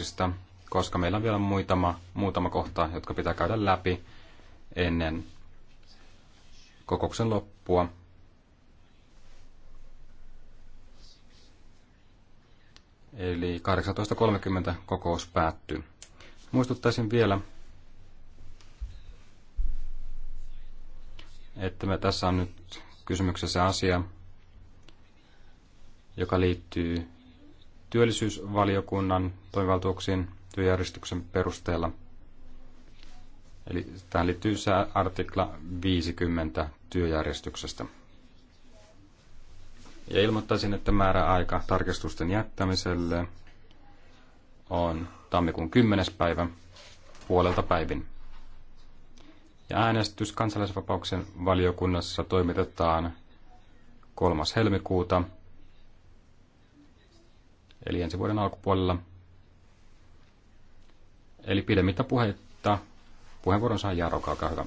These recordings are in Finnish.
kysymyksistä, koska meillä on vielä muutama, muutama kohta, jotka pitää käydä läpi ennen kokouksen loppua. Eli 18.30 kokous päättyy. Muistuttaisin vielä, että me tässä on nyt kysymyksessä asia, joka liittyy työllisyysvaliokunnan toimivaltuuksiin työjärjestyksen perusteella. Eli tähän liittyy sää artikla 50 työjärjestyksestä. Ja ilmoittaisin, että määräaika tarkistusten jättämiselle on tammikuun 10. päivä puolelta päivin. Ja äänestys kansalaisvapauksen valiokunnassa toimitetaan 3. helmikuuta eli ensi vuoden alkupuolella. Eli pidemmittä puhetta puheenvuoron saa Jaro, olkaa hyvä.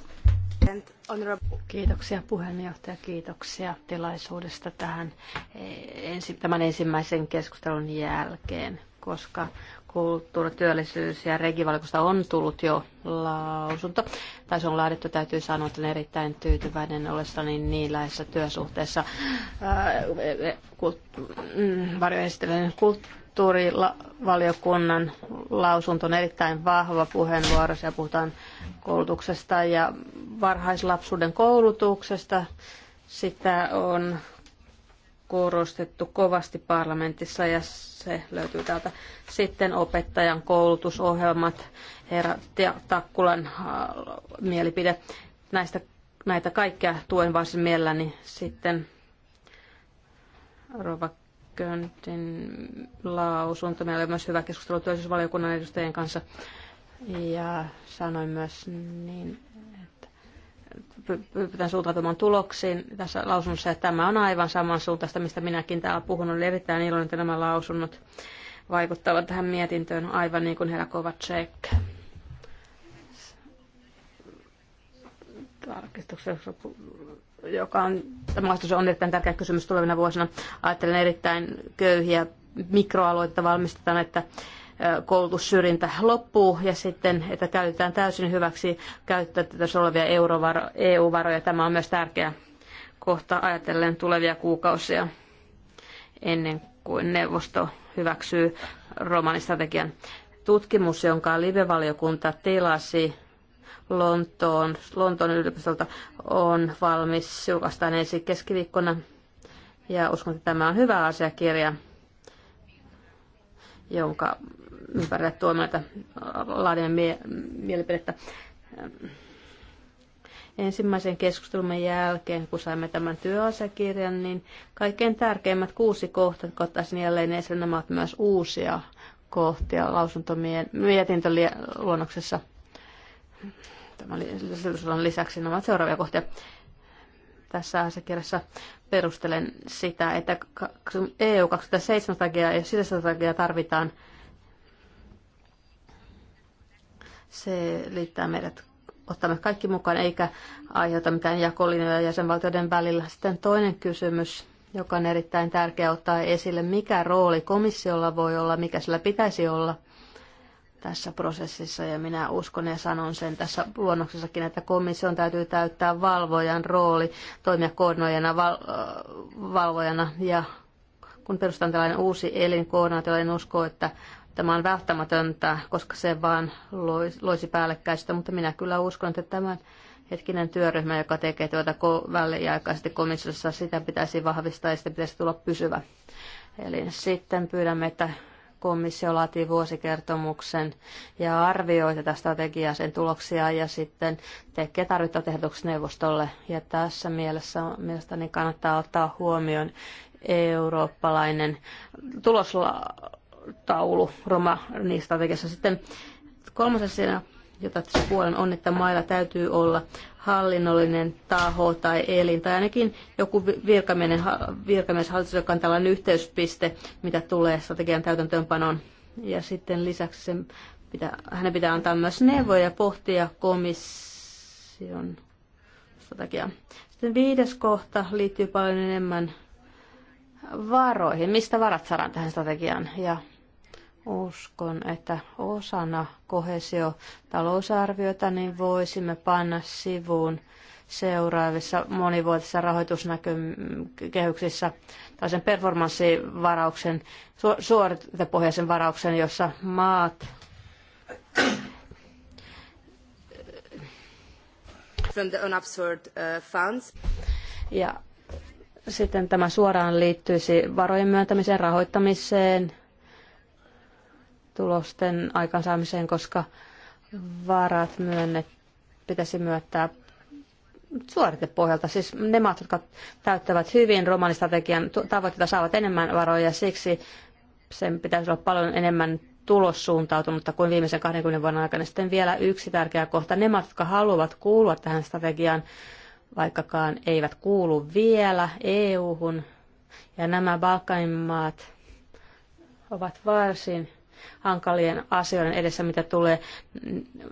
Kiitoksia puheenjohtaja, kiitoksia tilaisuudesta tähän, eh, tämän ensimmäisen keskustelun jälkeen, koska kulttuuri, työllisyys ja regivalikosta on tullut jo lausunto, tai se on laadittu, täytyy sanoa, että olen erittäin tyytyväinen ollessani niin läheisessä työsuhteessa äh, e, e, mm, varjoesittelen kulttuurivaliokunnan lausunto on erittäin vahva puheenvuoro, siellä puhutaan koulutuksesta ja varhaislapsuuden koulutuksesta, sitä on korostettu kovasti parlamentissa ja se löytyy täältä. Sitten opettajan koulutusohjelmat, herra Takkulan mielipide. Näistä, näitä kaikkia tuen varsin mielelläni sitten Rova Köntin lausunto. Meillä oli myös hyvä keskustelu työllisyysvaliokunnan edustajien kanssa. Ja sanoin myös niin, pyritään suuntautumaan tuloksiin tässä lausunnossa, ja tämä on aivan samansuuntaista, mistä minäkin täällä puhun. Olen erittäin iloinen, että nämä lausunnot vaikuttavat tähän mietintöön, aivan niin kuin herra Kovacek. Tarkistuksessa, joka on, tämä vastus on erittäin tärkeä kysymys tulevina vuosina. Ajattelen erittäin köyhiä mikroalueita valmistetaan, että koulutussyrjintä loppuu ja sitten, että käytetään täysin hyväksi käytettävissä olevia EU-varoja. Tämä on myös tärkeä kohta ajatellen tulevia kuukausia ennen kuin neuvosto hyväksyy romanistrategian. Tutkimus, jonka live-valiokunta tilasi Lontoon, Lontoon yliopistolta, on valmis julkaistaan ensi keskiviikkona. Ja uskon, että tämä on hyvä asiakirja, jonka ympärillä tuomaita laadimme mielipidettä. Ensimmäisen keskustelun jälkeen, kun saimme tämän työasiakirjan, niin kaikkein tärkeimmät kuusi kohtaa, kun ottaisin jälleen esille, nämä ovat myös uusia kohtia lausuntomien mietintöluonnoksessa. Tämä oli lisäksi nämä ovat seuraavia kohtia tässä asiakirjassa perustelen sitä, että EU 27 strategiaa ja sisäistä tarvitaan Se liittää meidät ottamme kaikki mukaan eikä aiheuta mitään jakolinjoja jäsenvaltioiden välillä. Sitten toinen kysymys, joka on erittäin tärkeä ottaa esille, mikä rooli komissiolla voi olla, mikä sillä pitäisi olla tässä prosessissa ja minä uskon ja sanon sen tässä luonnoksessakin, että komission täytyy täyttää valvojan rooli, toimia koordinoijana, val, äh, valvojana ja kun perustan tällainen uusi elin koordinaatio, en usko, että Tämä on välttämätöntä, koska se vaan loisi päällekkäistä, mutta minä kyllä uskon, että tämän hetkinen työryhmä, joka tekee tuota väliaikaisesti komissiossa, sitä pitäisi vahvistaa ja sitä pitäisi tulla pysyvä. Eli sitten pyydämme, että komissio laatii vuosikertomuksen ja arvioi tätä strategiaa, sen tuloksia ja sitten tekee tarvittavat ehdotukset neuvostolle. Ja tässä mielessä mielestäni kannattaa ottaa huomioon eurooppalainen tulosla- taulu roma niistä strategiassa. Sitten kolmas asia, jota tässä puolen on, että mailla täytyy olla hallinnollinen taho tai elin, tai ainakin joku virkamies, virkamieshallitus, joka on tällainen yhteyspiste, mitä tulee strategian täytäntöönpanoon. Ja sitten lisäksi sen pitää, hänen pitää antaa myös neuvoja ja pohtia komission strategiaa. Sitten viides kohta liittyy paljon enemmän varoihin. Mistä varat saadaan tähän strategiaan? Ja Uskon, että osana kohesio talousarviota niin voisimme panna sivuun seuraavissa monivuotisissa rahoitusnäkökehyksissä tällaisen performanssivarauksen, suoritepohjaisen varauksen, jossa maat from the unabsorbed uh, funds. Ja sitten tämä suoraan liittyisi varojen myöntämiseen, rahoittamiseen, tulosten aikaansaamiseen, koska varat myönnet, pitäisi myöntää suoritepohjalta. Siis ne maat, jotka täyttävät hyvin romanistrategian tavoitteita, saavat enemmän varoja. Siksi sen pitäisi olla paljon enemmän tulossuuntautunutta kuin viimeisen 20 vuoden aikana. Sitten vielä yksi tärkeä kohta. Ne maat, jotka haluavat kuulua tähän strategiaan, vaikkakaan eivät kuulu vielä EU-hun, ja nämä Balkanin maat ovat varsin hankalien asioiden edessä, mitä tulee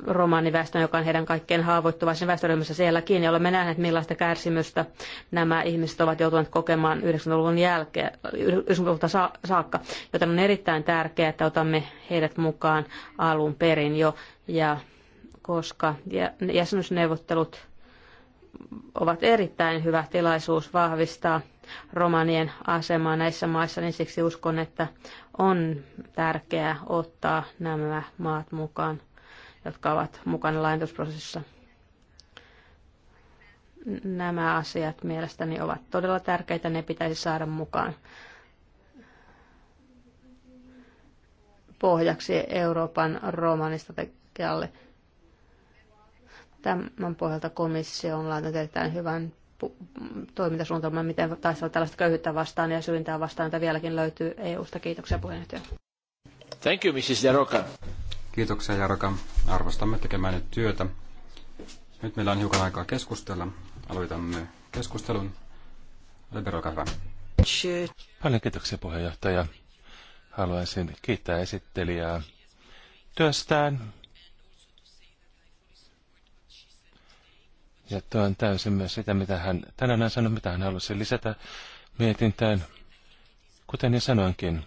romaaniväestön, joka on heidän kaikkein haavoittuvaisen väestöryhmässä sielläkin. Ja olemme nähneet, millaista kärsimystä nämä ihmiset ovat joutuneet kokemaan 90-luvun jälkeen, 90-luvulta saakka. Joten on erittäin tärkeää, että otamme heidät mukaan alun perin jo. Ja koska jäsenyysneuvottelut ovat erittäin hyvä tilaisuus vahvistaa romanien asemaa näissä maissa, niin siksi uskon, että on tärkeää ottaa nämä maat mukaan, jotka ovat mukana laintusprosessissa. Nämä asiat mielestäni ovat todella tärkeitä, ne pitäisi saada mukaan pohjaksi Euroopan romanistrategialle. Tämän pohjalta komissio on laitettu erittäin hyvän toimintasuunnitelman, miten taistella tällaista köyhyyttä vastaan ja syyntää vastaan, jota vieläkin löytyy EU-sta. Kiitoksia puheenjohtaja. Thank you, Mrs. Jaroka. Kiitoksia Jaroka. Arvostamme tekemään nyt työtä. Nyt meillä on hiukan aikaa keskustella. Aloitamme keskustelun. Leber, hyvä. Paljon kiitoksia puheenjohtaja. Haluaisin kiittää esittelijää työstään Ja tuo on täysin myös sitä, mitä hän tänään sanonut, mitä hän halusi lisätä mietintään. Kuten jo sanoinkin,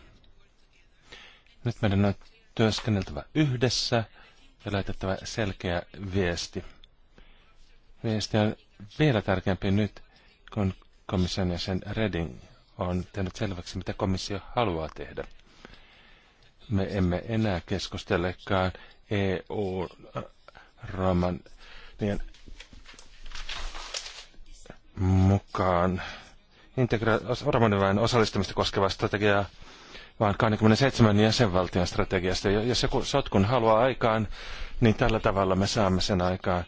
nyt meidän on työskenneltävä yhdessä ja laitettava selkeä viesti. Viesti on vielä tärkeämpi nyt, kun komission jäsen Reding on tehnyt selväksi, mitä komissio haluaa tehdä. Me emme enää keskustelekaan EU-Roman mukaan integra- osallistumista koskeva strategiaa, vaan 27 jäsenvaltion strategiasta. Ja jos joku sotkun haluaa aikaan, niin tällä tavalla me saamme sen aikaa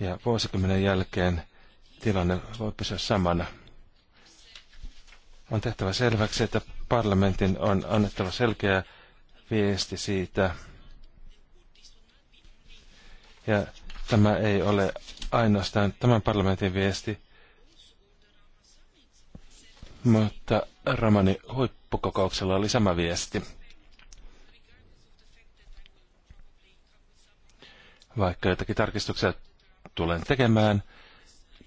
Ja vuosikymmenen jälkeen tilanne voi pysyä samana. On tehtävä selväksi, että parlamentin on annettava selkeä viesti siitä. Ja tämä ei ole ainoastaan tämän parlamentin viesti, mutta Ramani huippukokouksella oli sama viesti. Vaikka jotakin tarkistuksia tulen tekemään,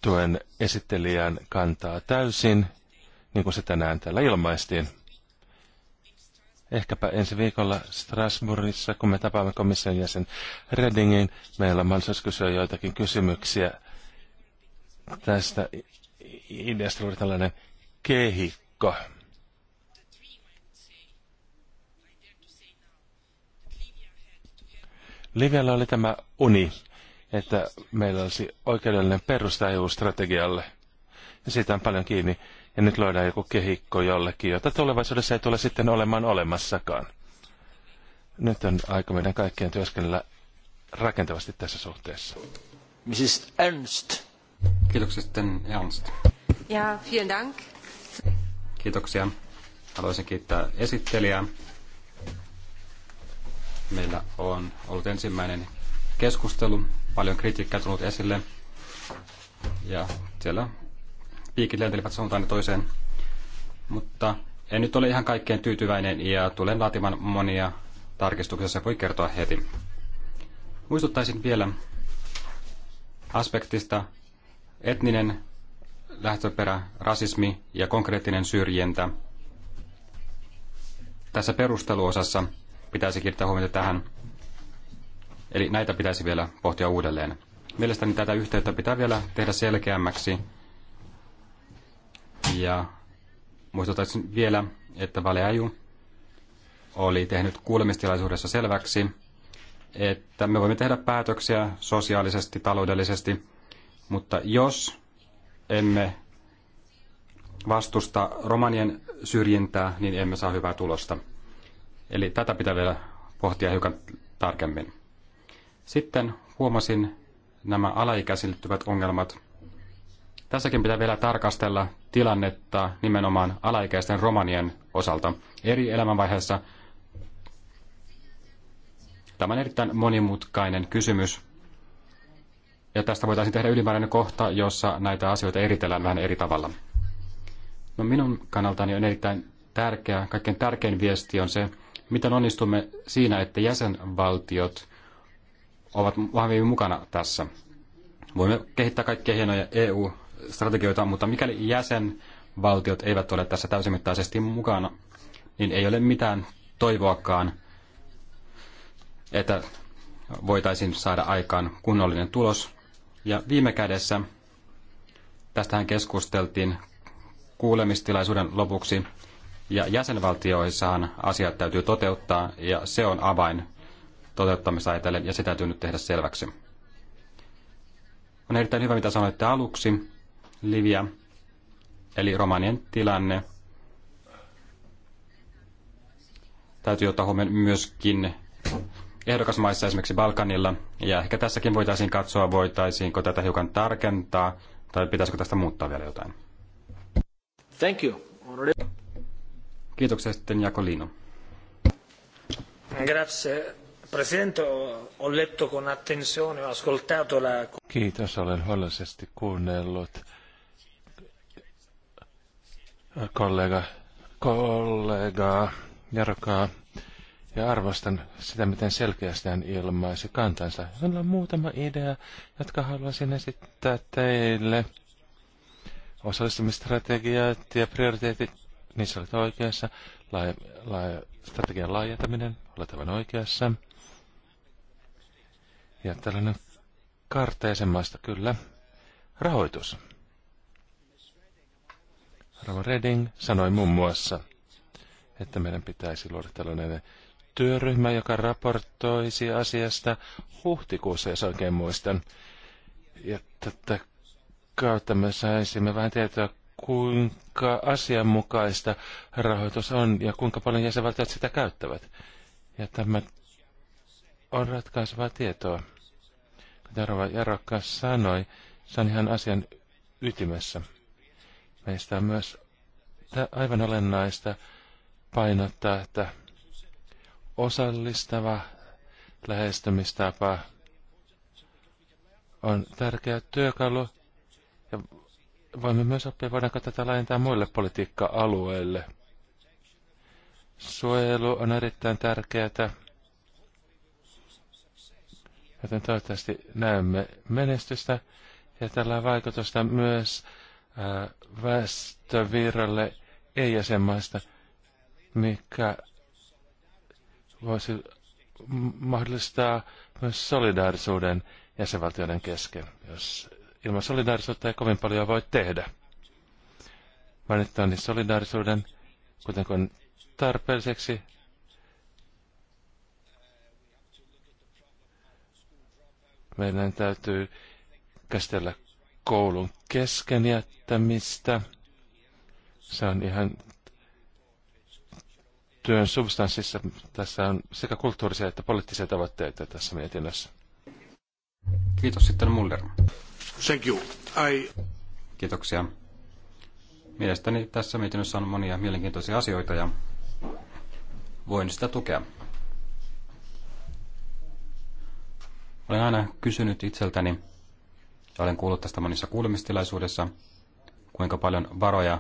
tuen esittelijän kantaa täysin, niin kuin se tänään täällä ilmaistiin. Ehkäpä ensi viikolla Strasbourgissa, kun me tapaamme komission jäsen Reddingin, meillä on mahdollisuus kysyä joitakin kysymyksiä tästä ideasta, tällainen kehikko. Livialla oli tämä uni, että meillä olisi oikeudellinen perusta EU-strategialle. Ja siitä on paljon kiinni. Ja nyt löydään joku kehikko jollekin, jota tulevaisuudessa ei tule sitten olemaan olemassakaan. Nyt on aika meidän kaikkien työskennellä rakentavasti tässä suhteessa. Mrs. Ernst. Kiitoksia sitten Ernst. Ja, vielen Dank. Kiitoksia. Haluaisin kiittää esittelijää. Meillä on ollut ensimmäinen keskustelu. Paljon kritiikkiä tullut esille. Ja siellä piikit lentelivät suuntaan toiseen. Mutta en nyt ole ihan kaikkein tyytyväinen ja tulen laatimaan monia se voi kertoa heti. Muistuttaisin vielä aspektista etninen lähtöperä, rasismi ja konkreettinen syrjintä. Tässä perusteluosassa pitäisi kiinnittää huomiota tähän. Eli näitä pitäisi vielä pohtia uudelleen. Mielestäni tätä yhteyttä pitää vielä tehdä selkeämmäksi. Ja muistuttaisin vielä, että Valeaju oli tehnyt kuulemistilaisuudessa selväksi, että me voimme tehdä päätöksiä sosiaalisesti, taloudellisesti, mutta jos emme vastusta romanien syrjintää, niin emme saa hyvää tulosta. Eli tätä pitää vielä pohtia hiukan tarkemmin. Sitten huomasin nämä alaikäisiin liittyvät ongelmat. Tässäkin pitää vielä tarkastella tilannetta nimenomaan alaikäisten romanien osalta eri elämänvaiheessa. Tämä on erittäin monimutkainen kysymys. Ja tästä voitaisiin tehdä ylimääräinen kohta, jossa näitä asioita eritellään vähän eri tavalla. No minun kannaltani on erittäin tärkeä, kaikkein tärkein viesti on se, miten onnistumme siinä, että jäsenvaltiot ovat vahvemmin mukana tässä. Voimme kehittää kaikkia hienoja EU-strategioita, mutta mikäli jäsenvaltiot eivät ole tässä täysimittaisesti mukana, niin ei ole mitään toivoakaan, että voitaisiin saada aikaan kunnollinen tulos ja viime kädessä, tästähän keskusteltiin kuulemistilaisuuden lopuksi, ja jäsenvaltioissahan asiat täytyy toteuttaa, ja se on avain toteuttamista ja se täytyy nyt tehdä selväksi. On erittäin hyvä, mitä sanoitte aluksi, Livia, eli romanien tilanne. Täytyy ottaa huomioon myöskin ehdokasmaissa, esimerkiksi Balkanilla. Ja ehkä tässäkin voitaisiin katsoa, voitaisiinko tätä hiukan tarkentaa, tai pitäisikö tästä muuttaa vielä jotain. Thank you. Kiitoksia sitten Jakolino. Grazie. Presidente, ho letto con attenzione, ho ascoltato la... Kiitos, olen huolellisesti kuunnellut kollega, kollega Jarkaa ja arvostan sitä, miten selkeästi hän ilmaisi kantansa. Hän on muutama idea, jotka haluaisin esittää teille. Osallistumistrategiat ja prioriteetit, niissä olet oikeassa. Lai, lai, strategian laajentaminen, olet aivan oikeassa. Ja tällainen kartta jäsenmaista, kyllä. Rahoitus. Rama Reding sanoi muun muassa, että meidän pitäisi luoda tällainen työryhmä, joka raportoisi asiasta huhtikuussa, jos oikein muistan. Ja tätä kautta me saisimme vähän tietoa, kuinka asianmukaista rahoitus on ja kuinka paljon jäsenvaltiot sitä käyttävät. Ja tämä on ratkaisevaa tietoa. Kuten Rova Jarokka sanoi, se on ihan asian ytimessä. Meistä on myös aivan olennaista painottaa, että osallistava lähestymistapa on tärkeä työkalu ja voimme myös oppia, voidaanko tätä laajentaa muille politiikka-alueille. Suojelu on erittäin tärkeää, joten toivottavasti näemme menestystä ja tällä on vaikutusta myös äh, väestövirralle ei-jäsenmaista, mikä voisi mahdollistaa myös solidaarisuuden jäsenvaltioiden kesken, jos ilman solidaarisuutta ei kovin paljon voi tehdä. Mainitaan niin solidaarisuuden, kuten kun tarpeelliseksi. Meidän täytyy käsitellä koulun kesken jättämistä. Se on ihan työn substanssissa tässä on sekä kulttuurisia että poliittisia tavoitteita tässä mietinnössä. Kiitos sitten Mulder. Thank you. I... Kiitoksia. Mielestäni tässä mietinnössä on monia mielenkiintoisia asioita ja voin sitä tukea. Olen aina kysynyt itseltäni, ja olen kuullut tästä monissa kuulemistilaisuudessa, kuinka paljon varoja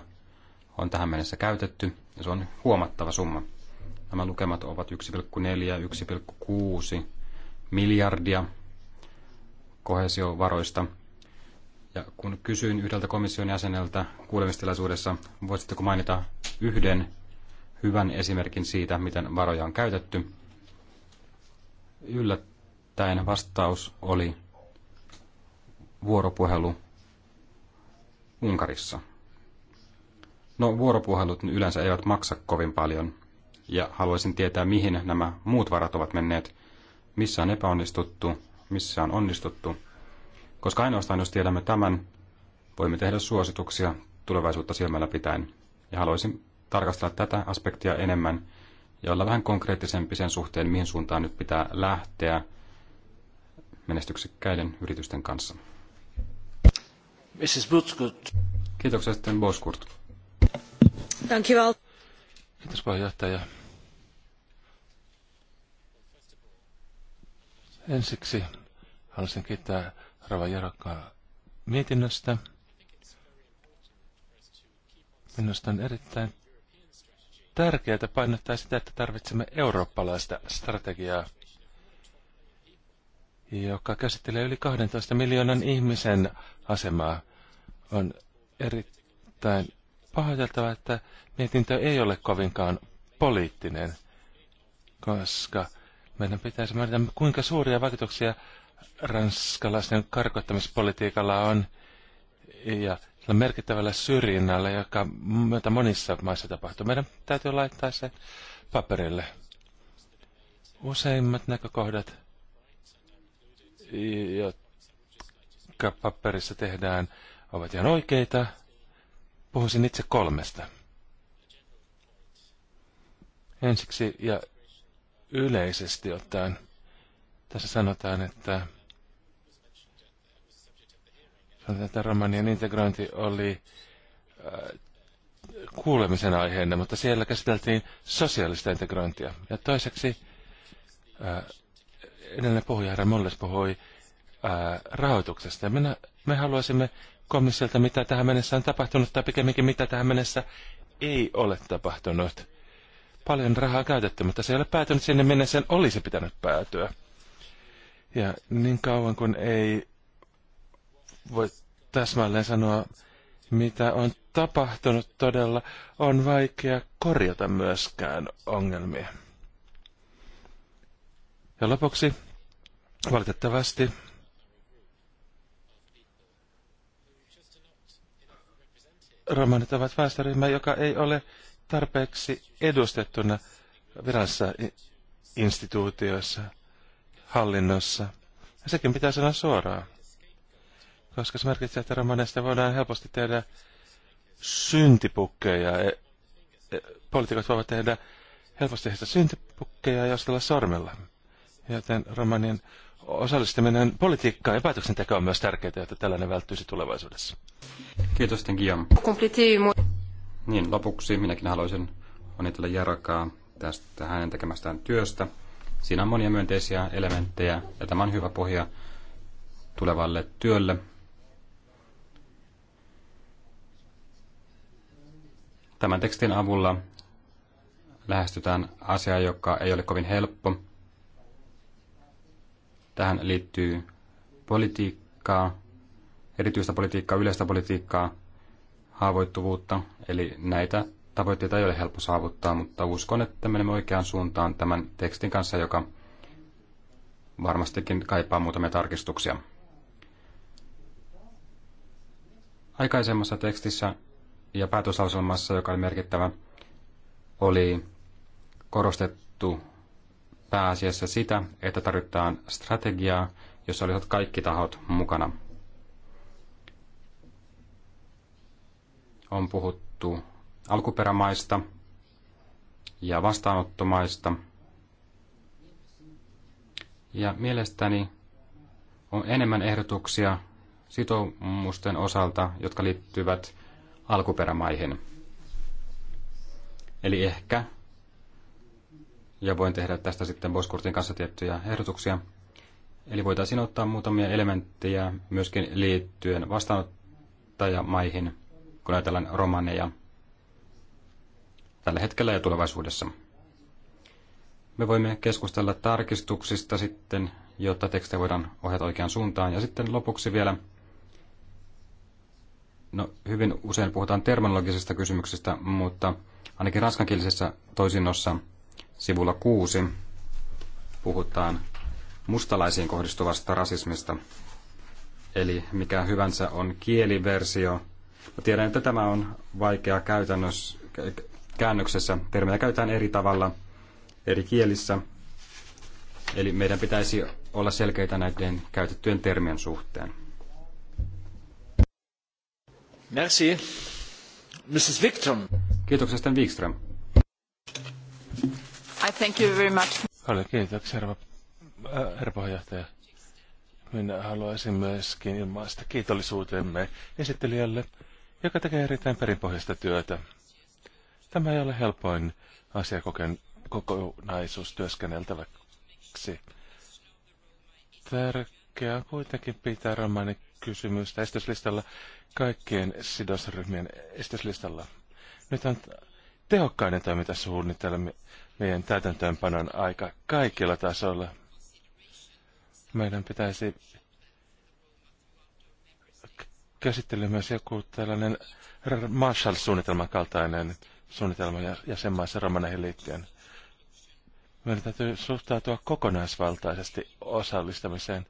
on tähän mennessä käytetty, ja se on huomattava summa. Nämä lukemat ovat 1,4 1,6 miljardia kohesiovaroista. Ja kun kysyin yhdeltä komission jäseneltä kuulemistilaisuudessa, voisitteko mainita yhden hyvän esimerkin siitä, miten varoja on käytetty, yllättäen vastaus oli vuoropuhelu Unkarissa – No vuoropuhelut yleensä eivät maksa kovin paljon, ja haluaisin tietää, mihin nämä muut varat ovat menneet, missä on epäonnistuttu, missä on onnistuttu. Koska ainoastaan jos tiedämme tämän, voimme tehdä suosituksia tulevaisuutta silmällä pitäen. Ja haluaisin tarkastella tätä aspektia enemmän ja olla vähän konkreettisempi sen suhteen, mihin suuntaan nyt pitää lähteä menestyksekkäiden yritysten kanssa. Mrs. Kiitoksia sitten Boskurt. Kiitos puheenjohtaja. Ensiksi haluaisin kiittää Rava Jarokkaa mietinnöstä. Minusta on erittäin tärkeää painottaa sitä, että tarvitsemme eurooppalaista strategiaa, joka käsittelee yli 12 miljoonan ihmisen asemaa. On erittäin pahoiteltava, että mietintö ei ole kovinkaan poliittinen, koska meidän pitäisi määritä, kuinka suuria vaikutuksia ranskalaisen karkottamispolitiikalla on ja sillä merkittävällä syrjinnällä, joka myötä monissa maissa tapahtuu. Meidän täytyy laittaa se paperille. Useimmat näkökohdat, jotka paperissa tehdään, ovat ihan oikeita – Puhuisin itse kolmesta. Ensiksi ja yleisesti ottaen tässä sanotaan, että sanotaan, että romanian integrointi oli äh, kuulemisen aiheena, mutta siellä käsiteltiin sosiaalista integrointia. Ja toiseksi äh, edellinen puhuja, herra Molles, puhui äh, rahoituksesta. Ja minä, me haluaisimme komissiolta, mitä tähän mennessä on tapahtunut, tai pikemminkin mitä tähän mennessä ei ole tapahtunut. Paljon rahaa käytetty, mutta se ei ole päätynyt sinne, minne sen olisi pitänyt päätyä. Ja niin kauan kuin ei voi täsmälleen sanoa, mitä on tapahtunut todella, on vaikea korjata myöskään ongelmia. Ja lopuksi, valitettavasti, romanit ovat väestöryhmä, joka ei ole tarpeeksi edustettuna virassa, instituutioissa, hallinnossa. Ja sekin pitää sanoa suoraan, koska se merkitsee, että romaneista voidaan helposti tehdä syntipukkeja. E- e- poliitikot voivat tehdä helposti heistä syntipukkeja ja ostella sormella. Joten romanien osallistuminen politiikkaan ja päätöksentekoon on myös tärkeää, jotta tällainen välttyisi tulevaisuudessa. Kiitos, Guillaume. Niin, lopuksi minäkin haluaisin onnitella Jarakaa tästä hänen tekemästään työstä. Siinä on monia myönteisiä elementtejä ja tämä on hyvä pohja tulevalle työlle. Tämän tekstin avulla lähestytään asiaa, joka ei ole kovin helppo – Tähän liittyy politiikkaa, erityistä politiikkaa, yleistä politiikkaa, haavoittuvuutta, eli näitä tavoitteita ei ole helppo saavuttaa, mutta uskon, että menemme oikeaan suuntaan tämän tekstin kanssa, joka varmastikin kaipaa muutamia tarkistuksia. Aikaisemmassa tekstissä ja päätöslauselmassa, joka oli merkittävä, oli korostettu pääasiassa sitä, että tarvitaan strategiaa, jossa olisivat kaikki tahot mukana. On puhuttu alkuperämaista ja vastaanottomaista. Ja mielestäni on enemmän ehdotuksia sitoumusten osalta, jotka liittyvät alkuperämaihin. Eli ehkä ja voin tehdä tästä sitten Boskurtin kanssa tiettyjä ehdotuksia. Eli voitaisiin ottaa muutamia elementtejä myöskin liittyen vastaanottajamaihin, kun ajatellaan romaneja tällä hetkellä ja tulevaisuudessa. Me voimme keskustella tarkistuksista sitten, jotta tekstejä voidaan ohjata oikeaan suuntaan. Ja sitten lopuksi vielä, no hyvin usein puhutaan terminologisista kysymyksistä, mutta ainakin ranskankielisessä toisinnossa – Sivulla 6 puhutaan mustalaisiin kohdistuvasta rasismista. Eli mikä hyvänsä on kieliversio. Mä tiedän, että tämä on vaikea käytännössä, käännöksessä. Termejä käytetään eri tavalla eri kielissä. Eli meidän pitäisi olla selkeitä näiden käytettyjen termien suhteen. Merci. Mrs. Wikström. Kiitoksia, Sten Wikström thank you very much. Paljon kiitoksia, herra, äh, herra puheenjohtaja. Minä haluaisin myöskin ilmaista kiitollisuutemme esittelijälle, joka tekee erittäin perinpohjaista työtä. Tämä ei ole helpoin asia kokonaisuus työskenneltäväksi. Tärkeää on kuitenkin pitää romaani kysymystä esityslistalla kaikkien sidosryhmien esityslistalla. Nyt on tehokkainen toimintasuunnitelma meidän täytäntöönpanon aika kaikilla tasolla. Meidän pitäisi käsitellä myös joku tällainen Marshall-suunnitelman kaltainen suunnitelma jäsenmaissa romaneihin liittyen. Meidän täytyy suhtautua kokonaisvaltaisesti osallistamiseen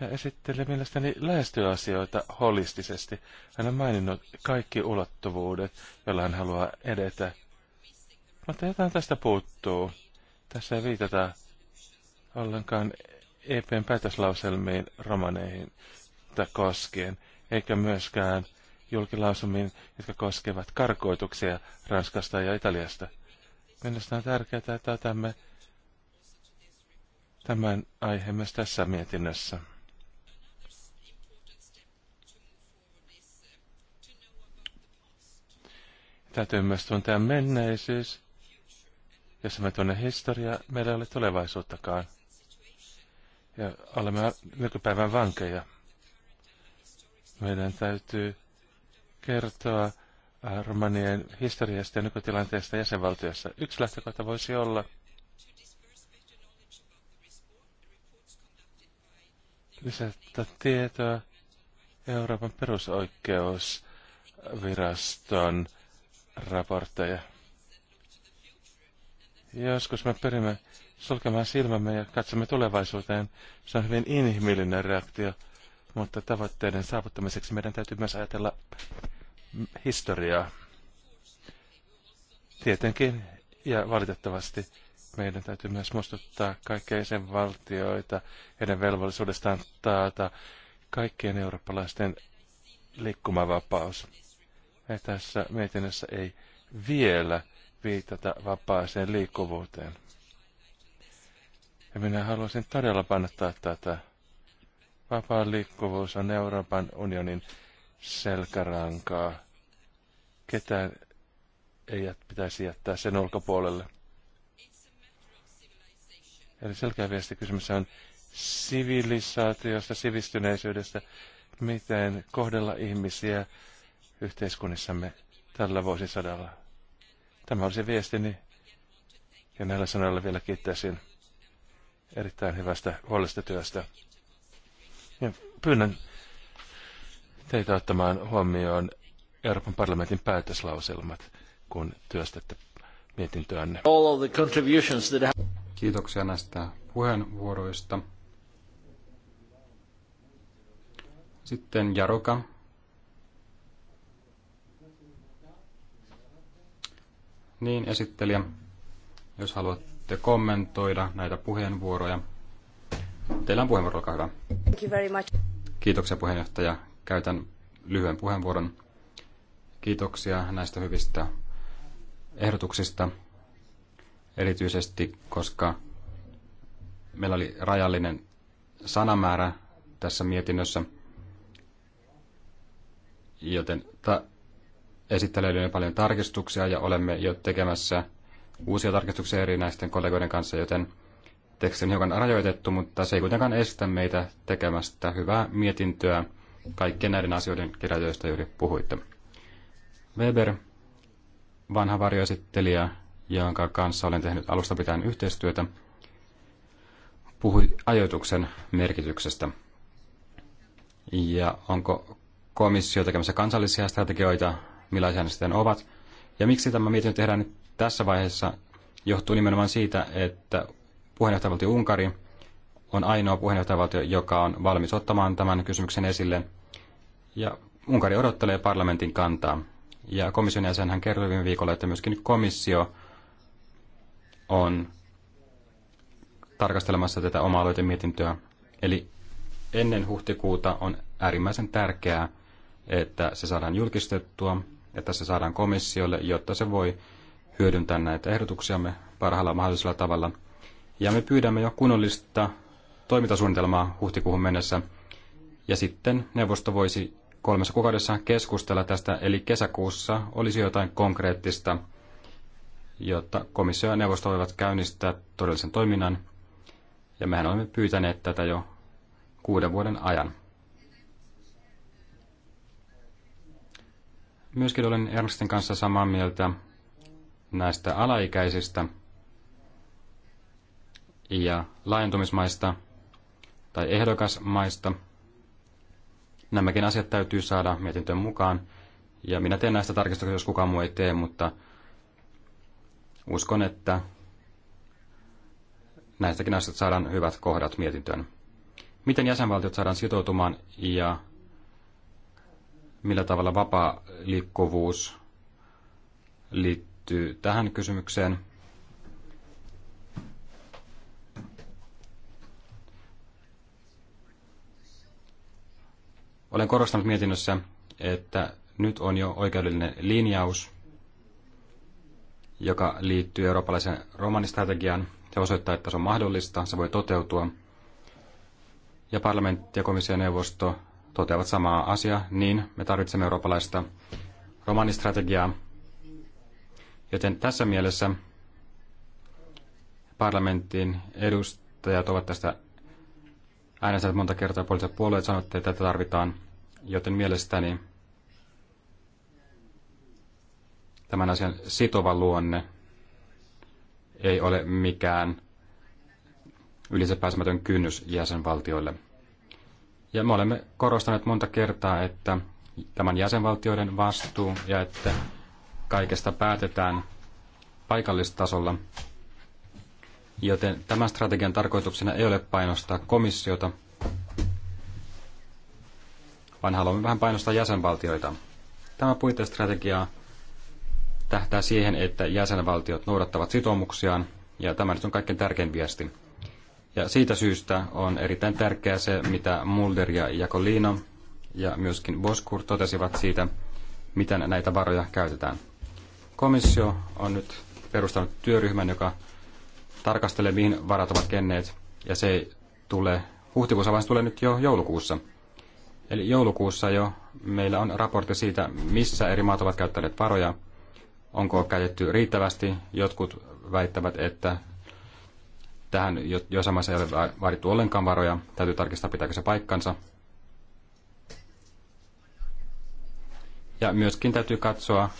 ja esittelee mielestäni lähestyä asioita holistisesti. Hän on maininnut kaikki ulottuvuudet, joilla hän haluaa edetä. Mutta jotain tästä puuttuu. Tässä ei viitata ollenkaan EPn päätöslauselmiin romaneihin koskien, eikä myöskään julkilausumiin, jotka koskevat karkoituksia Ranskasta ja Italiasta. Minusta on tärkeää, että otamme tämän aiheen myös tässä mietinnössä. Täytyy myös tuntea menneisyys jos me tuonne historia meillä ei ole tulevaisuuttakaan. Ja olemme nykypäivän vankeja. Meidän täytyy kertoa äh, romanien historiasta ja nykytilanteesta jäsenvaltiossa. Yksi lähtökohta voisi olla lisätä tietoa Euroopan perusoikeusviraston raportteja. Joskus me pyrimme sulkemaan silmämme ja katsomme tulevaisuuteen. Se on hyvin inhimillinen reaktio, mutta tavoitteiden saavuttamiseksi meidän täytyy myös ajatella historiaa. Tietenkin ja valitettavasti meidän täytyy myös muistuttaa kaikkia sen valtioita heidän velvollisuudestaan taata kaikkien eurooppalaisten liikkumavapaus. Ja tässä mietinnössä ei vielä viitata vapaaseen liikkuvuuteen. Ja minä haluaisin todella painottaa tätä. Vapaa liikkuvuus on Euroopan unionin selkärankaa. Ketään ei jät, pitäisi jättää sen ulkopuolelle. Eli selkeä viesti kysymys on sivilisaatiosta, sivistyneisyydestä, miten kohdella ihmisiä yhteiskunnissamme tällä vuosisadalla. Tämä se viestini. Ja näillä sanoilla vielä kiittäisin erittäin hyvästä huolesta työstä. Ja pyydän teitä ottamaan huomioon Euroopan parlamentin päätöslauselmat, kun työstätte mietintöänne. Kiitoksia näistä puheenvuoroista. Sitten Jaroka Niin, esittelijä, jos haluatte kommentoida näitä puheenvuoroja. Teillä on puheenvuoro, olkaa hyvä. Thank you very much. Kiitoksia puheenjohtaja. Käytän lyhyen puheenvuoron. Kiitoksia näistä hyvistä ehdotuksista, erityisesti koska meillä oli rajallinen sanamäärä tässä mietinnössä, joten ta- on paljon tarkistuksia ja olemme jo tekemässä uusia tarkistuksia erinäisten kollegoiden kanssa, joten teksti on hiukan rajoitettu, mutta se ei kuitenkaan estä meitä tekemästä hyvää mietintöä kaikkien näiden asioiden kirja, juuri puhuitte. Weber, vanha varjoesittelijä, jonka kanssa olen tehnyt alusta pitäen yhteistyötä, puhui ajoituksen merkityksestä. Ja onko komissio tekemässä kansallisia strategioita millaisia ne sitten ovat. Ja miksi tämä mietintö tehdään nyt tässä vaiheessa, johtuu nimenomaan siitä, että puheenjohtajavaltio Unkari on ainoa puheenjohtajavaltio, joka on valmis ottamaan tämän kysymyksen esille. Ja Unkari odottelee parlamentin kantaa. Ja komission jäsenhän hän kertoi viime viikolla, että myöskin komissio on tarkastelemassa tätä omaa aloitemietintöä. Eli ennen huhtikuuta on äärimmäisen tärkeää, että se saadaan julkistettua että se saadaan komissiolle, jotta se voi hyödyntää näitä ehdotuksiamme parhaalla mahdollisella tavalla. Ja me pyydämme jo kunnollista toimintasuunnitelmaa huhtikuuhun mennessä, ja sitten neuvosto voisi kolmessa kuukaudessa keskustella tästä, eli kesäkuussa olisi jotain konkreettista, jotta komissio ja neuvosto voivat käynnistää todellisen toiminnan, ja mehän olemme pyytäneet tätä jo kuuden vuoden ajan. Myöskin olen Ernstin kanssa samaa mieltä näistä alaikäisistä ja laajentumismaista tai ehdokasmaista. Nämäkin asiat täytyy saada mietintöön mukaan. Ja minä teen näistä tarkistuksia jos kukaan muu ei tee, mutta uskon, että näistäkin asioista saadaan hyvät kohdat mietintöön. Miten jäsenvaltiot saadaan sitoutumaan ja millä tavalla vapaa liikkuvuus liittyy tähän kysymykseen. Olen korostanut mietinnössä, että nyt on jo oikeudellinen linjaus, joka liittyy eurooppalaisen romanistrategiaan. Se osoittaa, että se on mahdollista, se voi toteutua. Ja parlamentti ja komissio neuvosto toteavat samaa asiaa, niin me tarvitsemme eurooppalaista romanistrategiaa. Joten tässä mielessä parlamentin edustajat ovat tästä äänestäneet monta kertaa, poliittiset puolueet sanoivat, että tätä tarvitaan, joten mielestäni tämän asian sitova luonne ei ole mikään ylisepääsemätön kynnys jäsenvaltioille. Ja me olemme korostaneet monta kertaa, että tämän jäsenvaltioiden vastuu ja että kaikesta päätetään paikallistasolla. Joten tämän strategian tarkoituksena ei ole painostaa komissiota, vaan haluamme vähän painostaa jäsenvaltioita. Tämä puitestrategia tähtää siihen, että jäsenvaltiot noudattavat sitoumuksiaan, ja tämä nyt on kaikkein tärkein viesti. Ja siitä syystä on erittäin tärkeää se, mitä Mulder ja Jakolino ja myöskin Boskur totesivat siitä, miten näitä varoja käytetään. Komissio on nyt perustanut työryhmän, joka tarkastelee, mihin varat ovat kenneet, ja se tulee huhtikuussa, vaan se tulee nyt jo joulukuussa. Eli joulukuussa jo meillä on raportti siitä, missä eri maat ovat käyttäneet varoja, onko käytetty riittävästi. Jotkut väittävät, että Tähän jossain maissa ei ole vaadittu ollenkaan varoja. Täytyy tarkistaa, pitääkö se paikkansa. Ja myöskin täytyy katsoa,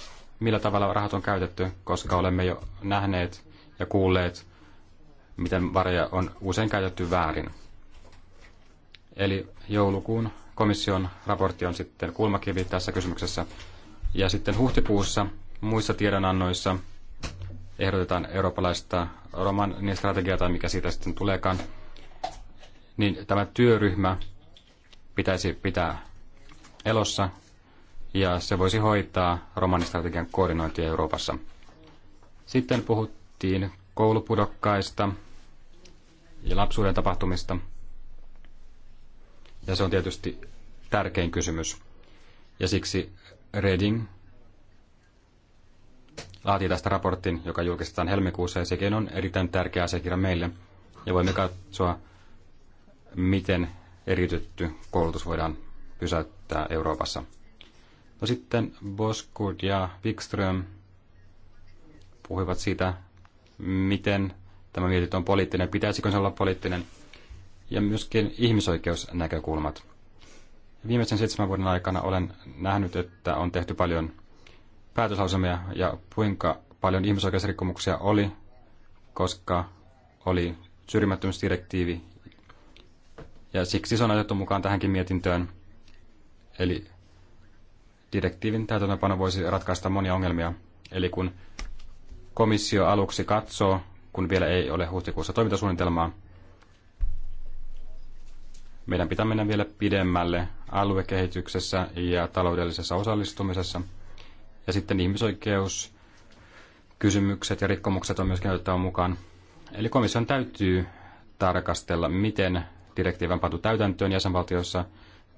millä tavalla rahat on käytetty, koska olemme jo nähneet ja kuulleet, miten varoja on usein käytetty väärin. Eli joulukuun komission raportti on sitten kulmakivi tässä kysymyksessä. Ja sitten huhtikuussa muissa tiedonannoissa – ehdotetaan eurooppalaista romanin strategiaa tai mikä siitä sitten tuleekaan, niin tämä työryhmä pitäisi pitää elossa ja se voisi hoitaa romanistrategian koordinointia Euroopassa. Sitten puhuttiin koulupudokkaista ja lapsuuden tapahtumista. Ja se on tietysti tärkein kysymys. Ja siksi Reading laatii tästä raportin, joka julkistetaan helmikuussa, ja sekin on erittäin tärkeä asiakirja meille. Ja voimme katsoa, miten eritytty koulutus voidaan pysäyttää Euroopassa. No sitten Boskud ja Wikström puhuivat siitä, miten tämä mietintö on poliittinen, pitäisikö se olla poliittinen, ja myöskin ihmisoikeusnäkökulmat. Viimeisen seitsemän vuoden aikana olen nähnyt, että on tehty paljon päätöslauselmia ja kuinka paljon ihmisoikeusrikkomuksia oli, koska oli syrjimättömyysdirektiivi. Ja siksi se on otettu mukaan tähänkin mietintöön. Eli direktiivin täytäntöönpano voisi ratkaista monia ongelmia. Eli kun komissio aluksi katsoo, kun vielä ei ole huhtikuussa toimintasuunnitelmaa, meidän pitää mennä vielä pidemmälle aluekehityksessä ja taloudellisessa osallistumisessa – ja sitten ihmisoikeus, kysymykset ja rikkomukset on myöskin otettava mukaan. Eli komission täytyy tarkastella, miten on pantu täytäntöön jäsenvaltiossa.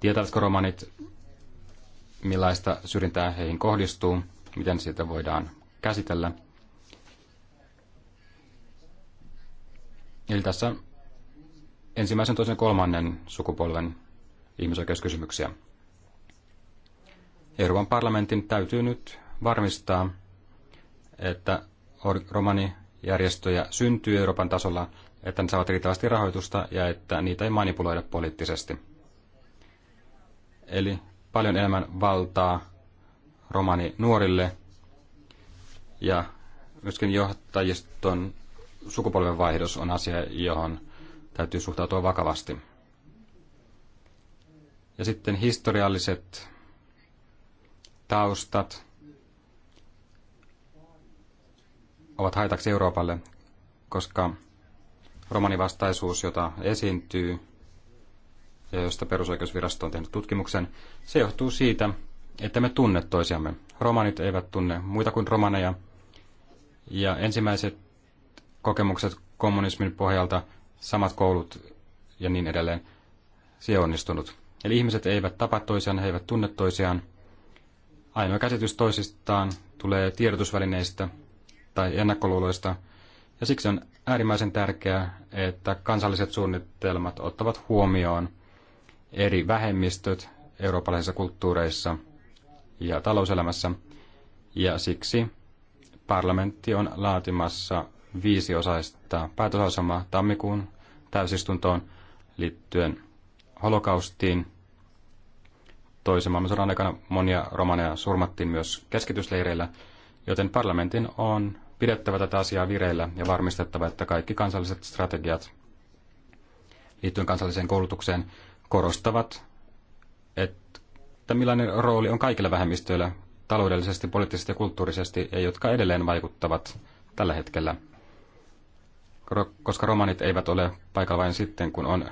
Tietävätkö romanit, millaista syrjintää heihin kohdistuu, miten sitä voidaan käsitellä. Eli tässä ensimmäisen, toisen kolmannen sukupolven ihmisoikeuskysymyksiä. Euroopan parlamentin täytyy nyt varmistaa, että romanijärjestöjä syntyy Euroopan tasolla, että ne saavat riittävästi rahoitusta ja että niitä ei manipuloida poliittisesti. Eli paljon enemmän valtaa romani nuorille ja myöskin johtajiston sukupolven on asia, johon täytyy suhtautua vakavasti. Ja sitten historialliset taustat ovat haitaksi Euroopalle, koska romanivastaisuus, jota esiintyy ja josta perusoikeusvirasto on tehnyt tutkimuksen, se johtuu siitä, että me tunne toisiamme. Romanit eivät tunne muita kuin romaneja. Ja ensimmäiset kokemukset kommunismin pohjalta, samat koulut ja niin edelleen, se on onnistunut. Eli ihmiset eivät tapa toisiaan, he eivät tunne toisiaan. Ainoa käsitys toisistaan tulee tiedotusvälineistä tai ennakkoluuloista, ja siksi on äärimmäisen tärkeää, että kansalliset suunnitelmat ottavat huomioon eri vähemmistöt eurooppalaisissa kulttuureissa ja talouselämässä, ja siksi parlamentti on laatimassa viisiosaista päätösasemaa tammikuun täysistuntoon liittyen holokaustiin. Toisen maailmansodan aikana monia romaneja surmattiin myös keskitysleireillä, Joten parlamentin on pidettävä tätä asiaa vireillä ja varmistettava, että kaikki kansalliset strategiat liittyen kansalliseen koulutukseen korostavat, että millainen rooli on kaikilla vähemmistöillä taloudellisesti, poliittisesti ja kulttuurisesti ja jotka edelleen vaikuttavat tällä hetkellä. Koska romanit eivät ole paikalla vain sitten, kun on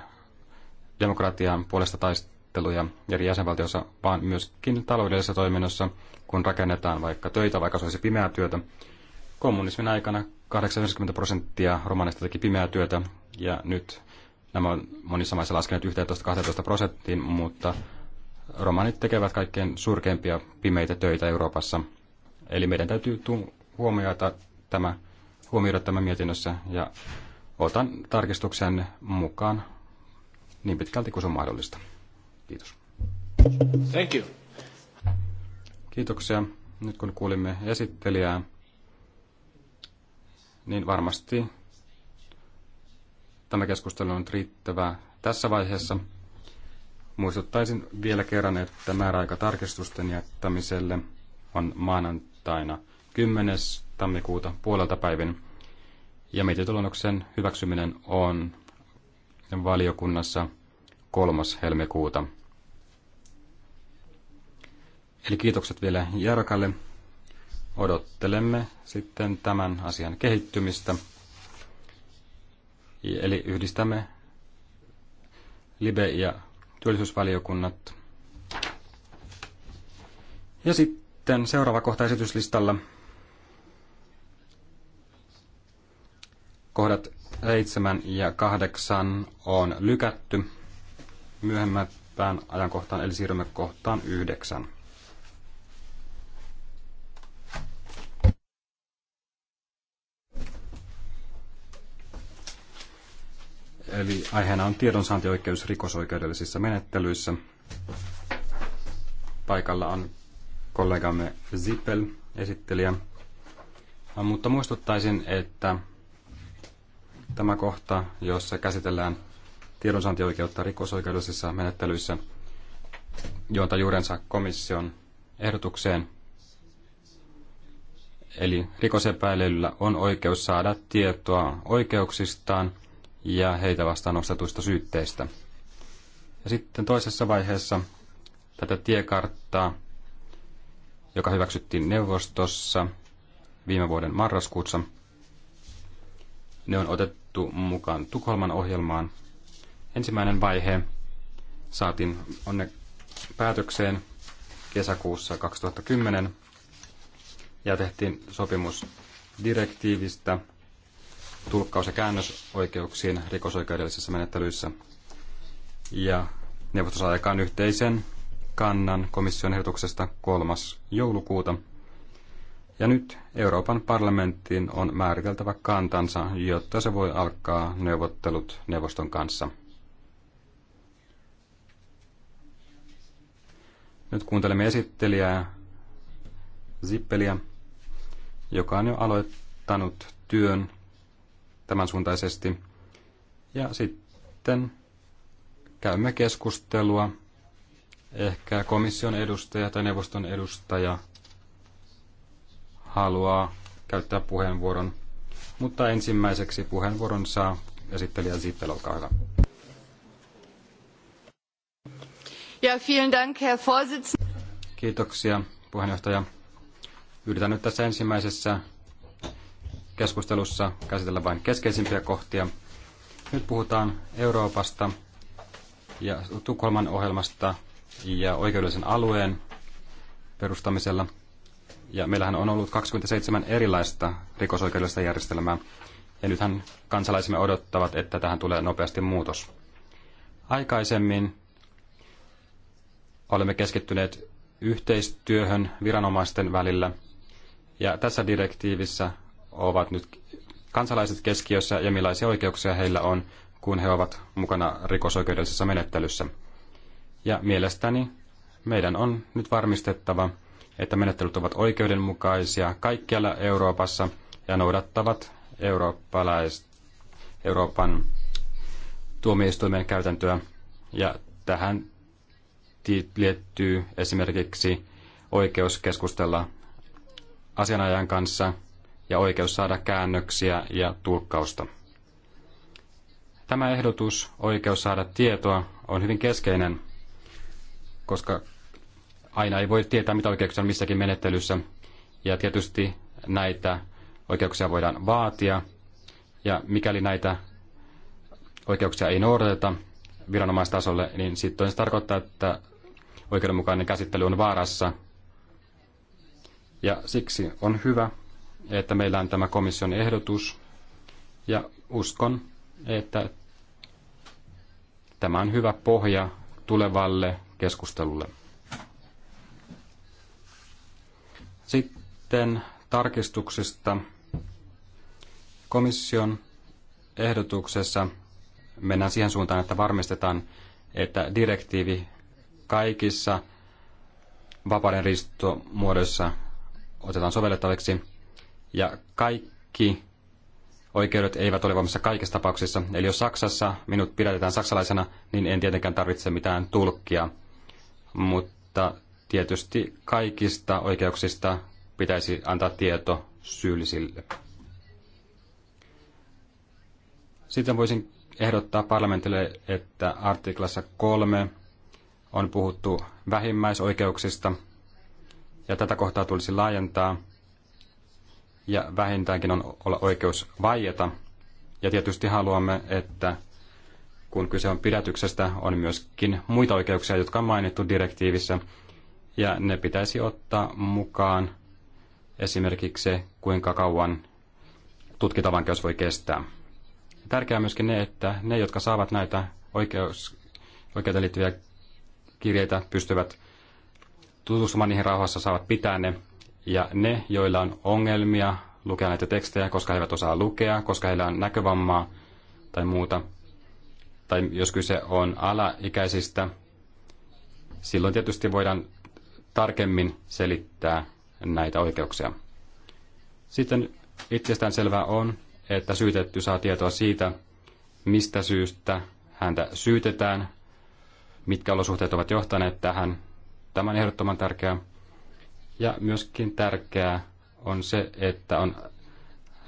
demokratian puolesta taistelua, neuvotteluja eri jäsenvaltioissa, vaan myöskin taloudellisessa toiminnassa, kun rakennetaan vaikka töitä, vaikka se olisi pimeää työtä. Kommunismin aikana 80 prosenttia romaneista teki pimeää työtä, ja nyt nämä on monissa maissa laskenut 11-12 prosenttiin, mutta romanit tekevät kaikkein surkeimpia pimeitä töitä Euroopassa. Eli meidän täytyy huomioida tämä, huomioida tämä mietinnössä, ja otan tarkistuksen mukaan niin pitkälti kuin se on mahdollista. Kiitos. Thank you. Kiitoksia. Nyt kun kuulimme esittelijää, niin varmasti tämä keskustelu on riittävää tässä vaiheessa. Muistuttaisin vielä kerran, että määräaika tarkistusten jättämiselle on maanantaina 10. tammikuuta puolelta päivin. Ja mietintöluonnoksen hyväksyminen on valiokunnassa 3. helmikuuta. Eli kiitokset vielä Jarkalle. Odottelemme sitten tämän asian kehittymistä. Eli yhdistämme Libe- ja työllisyysvaliokunnat. Ja sitten seuraava kohta esityslistalla. Kohdat 7 ja 8 on lykätty myöhemmäpään ajankohtaan, eli siirrymme kohtaan 9. Eli aiheena on tiedonsaantioikeus rikosoikeudellisissa menettelyissä. Paikalla on kollegamme Zippel, esittelijä. No, mutta muistuttaisin, että tämä kohta, jossa käsitellään tiedonsaantioikeutta rikosoikeudellisissa menettelyissä, juonta juurensa komission ehdotukseen. Eli rikosepäilyllä on oikeus saada tietoa oikeuksistaan – ja heitä vastaan nostetuista syytteistä. Ja sitten toisessa vaiheessa tätä tiekarttaa, joka hyväksyttiin neuvostossa viime vuoden marraskuussa, ne on otettu mukaan Tukholman ohjelmaan. Ensimmäinen vaihe saatiin onne päätökseen kesäkuussa 2010 ja tehtiin sopimus direktiivistä tulkkaus- ja käännösoikeuksiin rikosoikeudellisissa menettelyissä. Ja neuvosto saa aikaan yhteisen kannan komission ehdotuksesta 3. joulukuuta. Ja nyt Euroopan parlamenttiin on määriteltävä kantansa, jotta se voi alkaa neuvottelut neuvoston kanssa. Nyt kuuntelemme esittelijää Zippeliä, joka on jo aloittanut työn tämän suuntaisesti. Ja sitten käymme keskustelua. Ehkä komission edustaja tai neuvoston edustaja haluaa käyttää puheenvuoron. Mutta ensimmäiseksi puheenvuoron saa esittelijä Zippel, olkaa hyvä. Ja, vielen Dank, Herr Vorsitzender. Kiitoksia, puheenjohtaja. Yritän nyt tässä ensimmäisessä keskustelussa käsitellä vain keskeisimpiä kohtia. Nyt puhutaan Euroopasta ja Tukholman ohjelmasta ja oikeudellisen alueen perustamisella. Ja meillähän on ollut 27 erilaista rikosoikeudellista järjestelmää. Ja nythän kansalaisemme odottavat, että tähän tulee nopeasti muutos. Aikaisemmin olemme keskittyneet yhteistyöhön viranomaisten välillä. Ja tässä direktiivissä ovat nyt kansalaiset keskiössä ja millaisia oikeuksia heillä on, kun he ovat mukana rikosoikeudellisessa menettelyssä. Ja mielestäni meidän on nyt varmistettava, että menettelyt ovat oikeudenmukaisia kaikkialla Euroopassa ja noudattavat Euroopan tuomioistuimen käytäntöä. Ja tähän liittyy esimerkiksi oikeus keskustella asianajan kanssa ja oikeus saada käännöksiä ja tulkkausta. Tämä ehdotus, oikeus saada tietoa, on hyvin keskeinen, koska aina ei voi tietää, mitä oikeuksia on missäkin menettelyssä. Ja tietysti näitä oikeuksia voidaan vaatia, ja mikäli näitä oikeuksia ei noudateta viranomaistasolle, niin sitten se tarkoittaa, että oikeudenmukainen käsittely on vaarassa. Ja siksi on hyvä, että meillä on tämä komission ehdotus ja uskon, että tämä on hyvä pohja tulevalle keskustelulle. Sitten tarkistuksista. Komission ehdotuksessa mennään siihen suuntaan, että varmistetaan, että direktiivi kaikissa vapaiden riistomuodoissa otetaan sovellettaviksi. Ja kaikki oikeudet eivät ole voimassa kaikissa tapauksissa. Eli jos Saksassa minut pidätetään saksalaisena, niin en tietenkään tarvitse mitään tulkkia. Mutta tietysti kaikista oikeuksista pitäisi antaa tieto syyllisille. Sitten voisin ehdottaa parlamentille, että artiklassa kolme on puhuttu vähimmäisoikeuksista, ja tätä kohtaa tulisi laajentaa – ja vähintäänkin on olla oikeus vaieta. Ja tietysti haluamme, että kun kyse on pidätyksestä, on myöskin muita oikeuksia, jotka on mainittu direktiivissä, ja ne pitäisi ottaa mukaan esimerkiksi se, kuinka kauan tutkintavankeus voi kestää. Tärkeää myöskin ne, että ne, jotka saavat näitä oikeus, oikeuteen liittyviä kirjeitä, pystyvät tutustumaan niihin rauhassa, saavat pitää ne ja ne, joilla on ongelmia lukea näitä tekstejä, koska he eivät osaa lukea, koska heillä on näkövammaa tai muuta, tai jos kyse on alaikäisistä, silloin tietysti voidaan tarkemmin selittää näitä oikeuksia. Sitten itsestään selvää on, että syytetty saa tietoa siitä, mistä syystä häntä syytetään, mitkä olosuhteet ovat johtaneet tähän. Tämä on ehdottoman tärkeää. Ja myöskin tärkeää on se, että on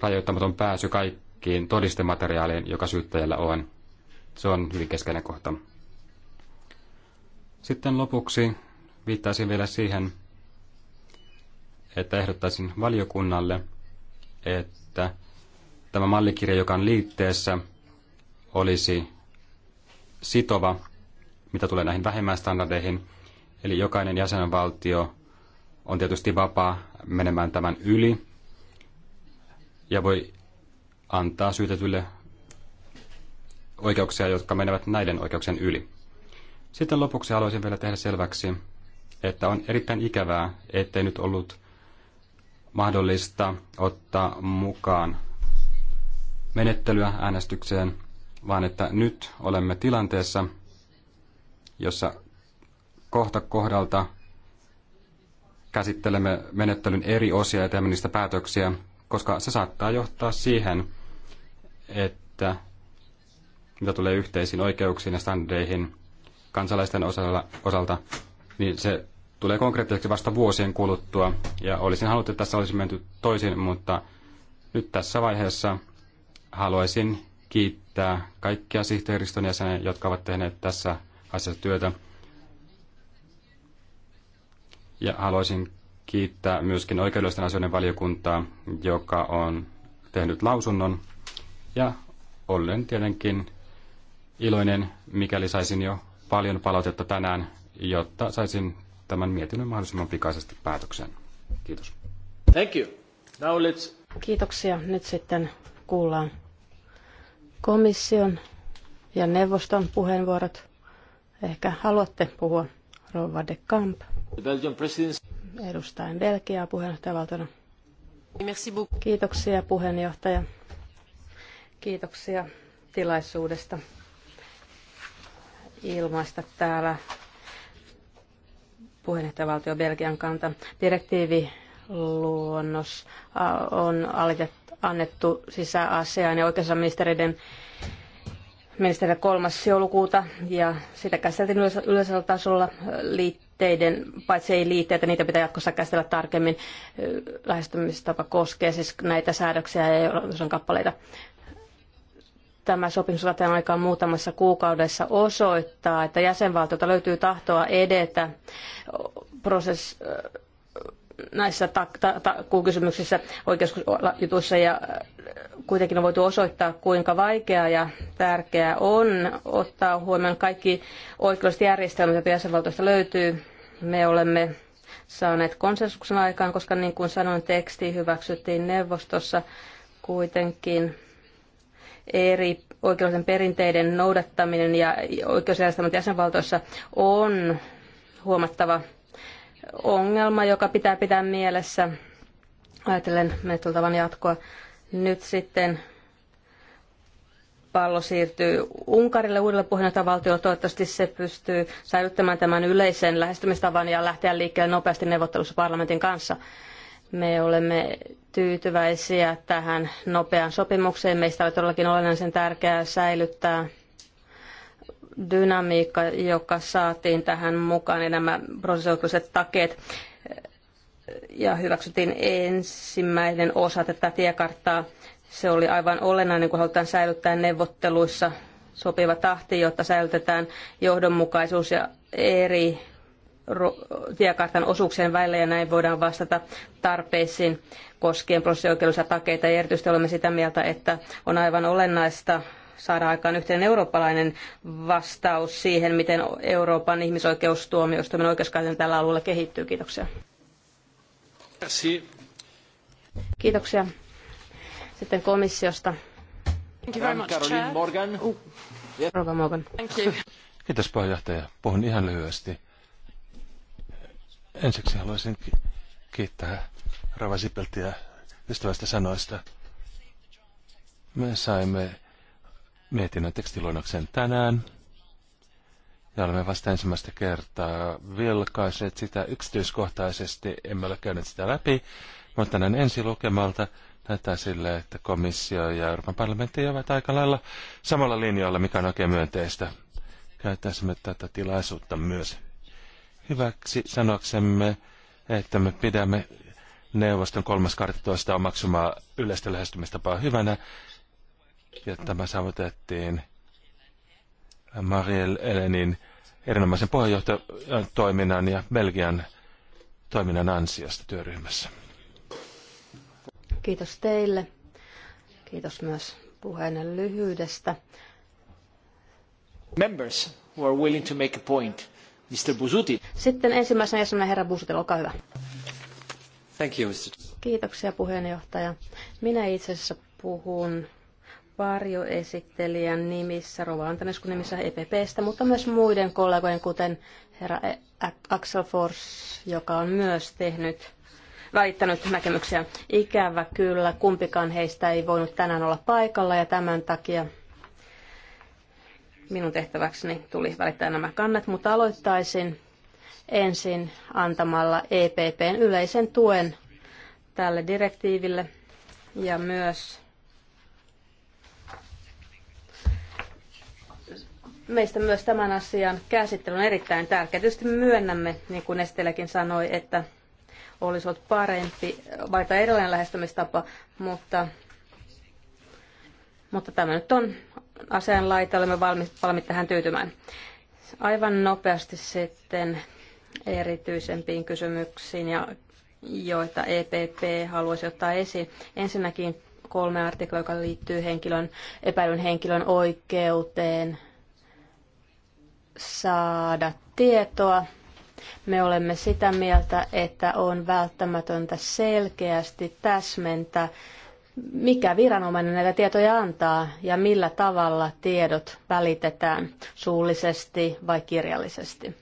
rajoittamaton pääsy kaikkiin todistemateriaaliin, joka syyttäjällä on. Se on hyvin keskeinen kohta. Sitten lopuksi viittaisin vielä siihen, että ehdottaisin valiokunnalle, että tämä mallikirja, joka on liitteessä, olisi sitova, mitä tulee näihin standardeihin. Eli jokainen jäsenvaltio on tietysti vapaa menemään tämän yli ja voi antaa syytetylle oikeuksia, jotka menevät näiden oikeuksien yli. Sitten lopuksi haluaisin vielä tehdä selväksi, että on erittäin ikävää, ettei nyt ollut mahdollista ottaa mukaan menettelyä äänestykseen, vaan että nyt olemme tilanteessa, jossa kohta kohdalta käsittelemme menettelyn eri osia ja teemme niistä päätöksiä, koska se saattaa johtaa siihen, että mitä tulee yhteisiin oikeuksiin ja standardeihin kansalaisten osalta, niin se tulee konkreettiseksi vasta vuosien kuluttua. Ja olisin halunnut, että tässä olisi menty toisin, mutta nyt tässä vaiheessa haluaisin kiittää kaikkia sihteeristön jäseniä, jotka ovat tehneet tässä asiassa työtä. Ja haluaisin kiittää myöskin oikeudellisten asioiden valiokuntaa, joka on tehnyt lausunnon. Ja olen tietenkin iloinen, mikäli saisin jo paljon palautetta tänään, jotta saisin tämän mietinnön mahdollisimman pikaisesti päätökseen. Kiitos. Thank you. Now let's... Kiitoksia. Nyt sitten kuullaan komission ja neuvoston puheenvuorot. Ehkä haluatte puhua, Rouva de Camp. Edustaen Belgiaa puheenjohtajavaltiona. Kiitoksia puheenjohtaja. Kiitoksia tilaisuudesta ilmaista täällä puheenjohtajavaltio Belgian kanta. Direktiiviluonnos on annettu sisäasiaan ja oikeusministeriöiden ministerille kolmas joulukuuta ja sitä käsiteltiin yleisellä tasolla liittyen liitteiden, paitsi ei liitteitä, niitä pitää jatkossa käsitellä tarkemmin. Lähestymistapa koskee siis näitä säädöksiä ja on kappaleita. Tämä sopimus aikaan muutamassa kuukaudessa osoittaa, että jäsenvaltiota löytyy tahtoa edetä prosess, näissä ta- kysymyksissä oikeusjutuissa ja kuitenkin on voitu osoittaa, kuinka vaikeaa ja tärkeää on ottaa huomioon kaikki oikeudelliset järjestelmät, joita jäsenvaltoista löytyy me olemme saaneet konsensuksen aikaan, koska niin kuin sanoin, teksti hyväksyttiin neuvostossa kuitenkin eri oikeudellisen perinteiden noudattaminen ja oikeusjärjestelmät jäsenvaltoissa on huomattava ongelma, joka pitää pitää mielessä. Ajatellen menettelytavan jatkoa nyt sitten pallo siirtyy Unkarille uudelle puheenjohtajavaltiolle. Toivottavasti se pystyy säilyttämään tämän yleisen lähestymistavan ja lähteä liikkeelle nopeasti neuvottelussa parlamentin kanssa. Me olemme tyytyväisiä tähän nopeaan sopimukseen. Meistä oli todellakin olennaisen tärkeää säilyttää dynamiikka, joka saatiin tähän mukaan ja nämä prosessioikeudelliset takeet ja hyväksyttiin ensimmäinen osa tätä tiekarttaa se oli aivan olennainen, kun halutaan säilyttää neuvotteluissa sopiva tahti, jotta säilytetään johdonmukaisuus ja eri tiekartan osuuksien välillä ja näin voidaan vastata tarpeisiin koskien prosessioikeudellisia takeita. Ja erityisesti olemme sitä mieltä, että on aivan olennaista saada aikaan yhteinen eurooppalainen vastaus siihen, miten Euroopan ihmisoikeustuomioistuimen oikeuskäytäntö tällä alueella kehittyy. Kiitoksia. Kiitoksia. Sitten komissiosta. Morgan. Morgan. Kiitos puheenjohtaja. Puhun ihan lyhyesti. Ensiksi haluaisin kiittää Rava Sipeltiä ystävästä sanoista. Me saimme mietinnön tekstiluonnoksen tänään ja olemme vasta ensimmäistä kertaa vilkaiset sitä yksityiskohtaisesti. Emme ole käyneet sitä läpi, mutta näin ensilukemalta lukemalta näyttää sille, että komissio ja Euroopan parlamentti ovat aika lailla samalla linjalla, mikä on oikein myönteistä. Käyttäisimme tätä tilaisuutta myös hyväksi sanoksemme, että me pidämme neuvoston 3.12. omaksumaa yleistä lähestymistapaa hyvänä, ja tämä saavutettiin Marielle Elenin erinomaisen puheenjohtajan toiminnan ja Belgian toiminnan ansiosta työryhmässä. Kiitos teille. Kiitos myös puheenne lyhyydestä. Members who are willing to make a point. Mr. Busuti. Sitten ensimmäisenä jäsenen herra Busutil, olkaa hyvä. Thank you, Mr. Kiitoksia puheenjohtaja. Minä itse asiassa puhun varjoesittelijän nimissä, Rova Antanesku nimissä EPPstä, mutta myös muiden kollegojen, kuten herra Axel Fors, joka on myös tehnyt välittänyt näkemyksiä. Ikävä kyllä, kumpikaan heistä ei voinut tänään olla paikalla ja tämän takia minun tehtäväkseni tuli välittää nämä kannat, mutta aloittaisin ensin antamalla EPPn yleisen tuen tälle direktiiville ja myös meistä myös tämän asian käsittely on erittäin tärkeä. Tietysti myönnämme, niin kuin Esteläkin sanoi, että olisi ollut parempi, tämä erilainen lähestymistapa, mutta, mutta tämä nyt on asian laita, olemme valmiit, valmiit tähän tyytymään. Aivan nopeasti sitten erityisempiin kysymyksiin, ja, joita EPP haluaisi ottaa esiin. Ensinnäkin kolme artikla, joka liittyy henkilön, epäilyn henkilön oikeuteen saada tietoa me olemme sitä mieltä, että on välttämätöntä selkeästi täsmentää, mikä viranomainen näitä tietoja antaa ja millä tavalla tiedot välitetään suullisesti vai kirjallisesti.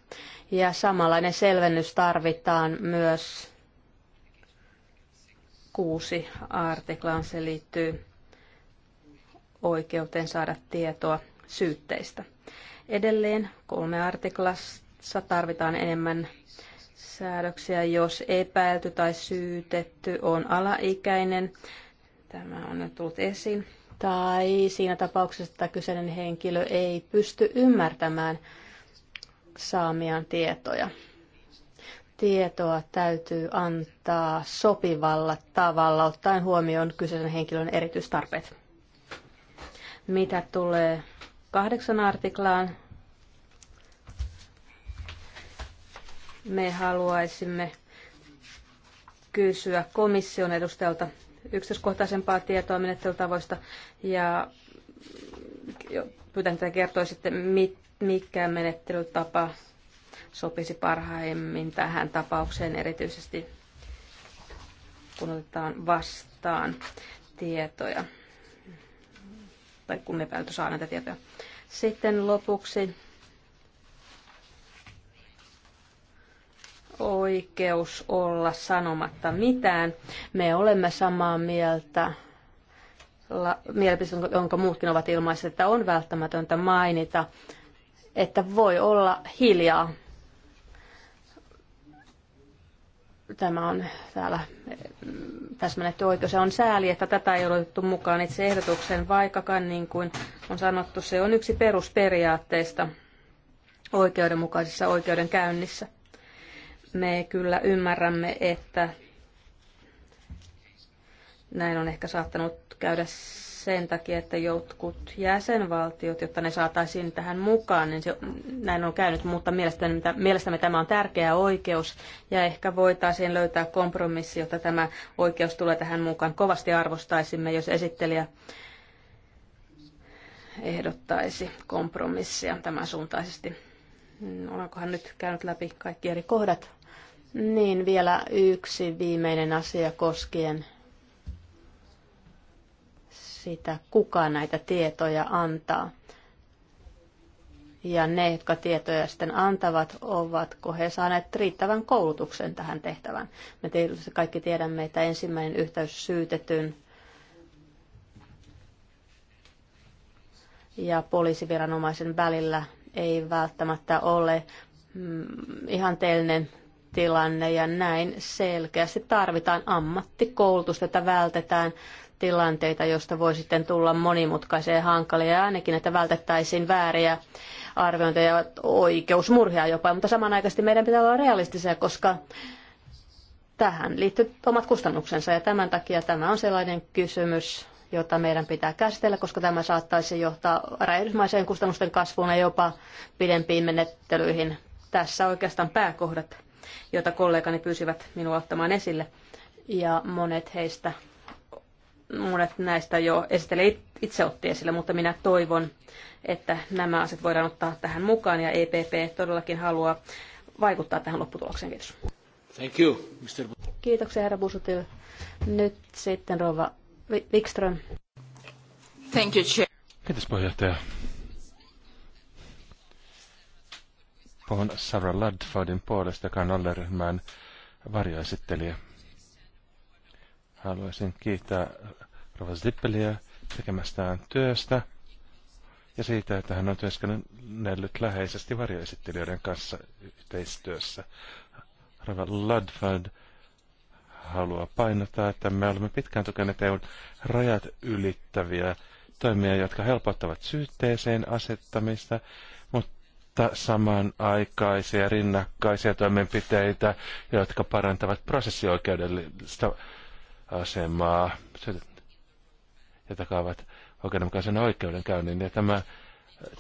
Ja samanlainen selvennys tarvitaan myös kuusi artiklaan. Se liittyy oikeuteen saada tietoa syytteistä. Edelleen kolme artiklas, tarvitaan enemmän säädöksiä, jos epäilty tai syytetty on alaikäinen. Tämä on nyt tullut esiin. Tai siinä tapauksessa, että kyseinen henkilö ei pysty ymmärtämään saamiaan tietoja. Tietoa täytyy antaa sopivalla tavalla, ottaen huomioon kyseisen henkilön erityistarpeet. Mitä tulee kahdeksan artiklaan Me haluaisimme kysyä komission edustajalta yksityiskohtaisempaa tietoa menettelytavoista ja pyytän, että kertoisitte, mikä menettelytapa sopisi parhaimmin tähän tapaukseen, erityisesti kun otetaan vastaan tietoja tai kun me päätö saa näitä tietoja. Sitten lopuksi oikeus olla sanomatta mitään. Me olemme samaa mieltä mielipiteessä, jonka muutkin ovat ilmaisseet, että on välttämätöntä mainita, että voi olla hiljaa. Tämä on täällä eh, täsmennetty oikeus. Se on sääli, että tätä ei ole otettu mukaan itse ehdotukseen, vaikkakaan niin kuin on sanottu, se on yksi perusperiaatteista oikeudenmukaisessa oikeudenkäynnissä. Me kyllä ymmärrämme, että näin on ehkä saattanut käydä sen takia, että jotkut jäsenvaltiot, jotta ne saataisiin tähän mukaan, niin se, näin on käynyt, mutta mielestäni, mielestämme tämä on tärkeä oikeus ja ehkä voitaisiin löytää kompromissi, jotta tämä oikeus tulee tähän mukaan. Kovasti arvostaisimme, jos esittelijä ehdottaisi kompromissia tämän suuntaisesti. Olenkohan nyt käynyt läpi kaikki eri kohdat? Niin, vielä yksi viimeinen asia koskien sitä, kuka näitä tietoja antaa. Ja ne, jotka tietoja sitten antavat, ovatko he saaneet riittävän koulutuksen tähän tehtävään. Me tietysti kaikki tiedämme, että ensimmäinen yhteys syytetyn ja poliisiviranomaisen välillä ei välttämättä ole mm, ihanteellinen tilanne ja näin selkeästi tarvitaan ammattikoulutusta, että vältetään tilanteita, joista voi sitten tulla monimutkaisia ja hankalia ja ainakin, että vältettäisiin vääriä arviointeja ja oikeusmurhia jopa, mutta samanaikaisesti meidän pitää olla realistisia, koska tähän liittyy omat kustannuksensa ja tämän takia tämä on sellainen kysymys, jota meidän pitää käsitellä, koska tämä saattaisi johtaa räjähdysmaiseen kustannusten kasvuun ja jopa pidempiin menettelyihin. Tässä oikeastaan pääkohdat joita kollegani pyysivät minua ottamaan esille. Ja monet heistä, monet näistä jo esittelijä itse otti esille, mutta minä toivon, että nämä asiat voidaan ottaa tähän mukaan ja EPP todellakin haluaa vaikuttaa tähän lopputulokseen. Kiitos. Thank you, Mr. Kiitoksia, herra Busutil. Nyt sitten rouva Wikström. Thank you, Chair. Kiitos puheenjohtaja. Puhun Sarah Ludfordin puolesta, joka on olleryhmän varjoesittelijä. Haluaisin kiittää Rova Zippeliä tekemästään työstä ja siitä, että hän on työskennellyt läheisesti varjoesittelijöiden kanssa yhteistyössä. Rova Ludford haluaa painottaa, että me olemme pitkään tukeneet EUn rajat ylittäviä toimia, jotka helpottavat syytteeseen asettamista samanaikaisia rinnakkaisia toimenpiteitä, jotka parantavat prosessioikeudellista asemaa ja takaavat oikeudenmukaisen oikeudenkäynnin. Ja tämä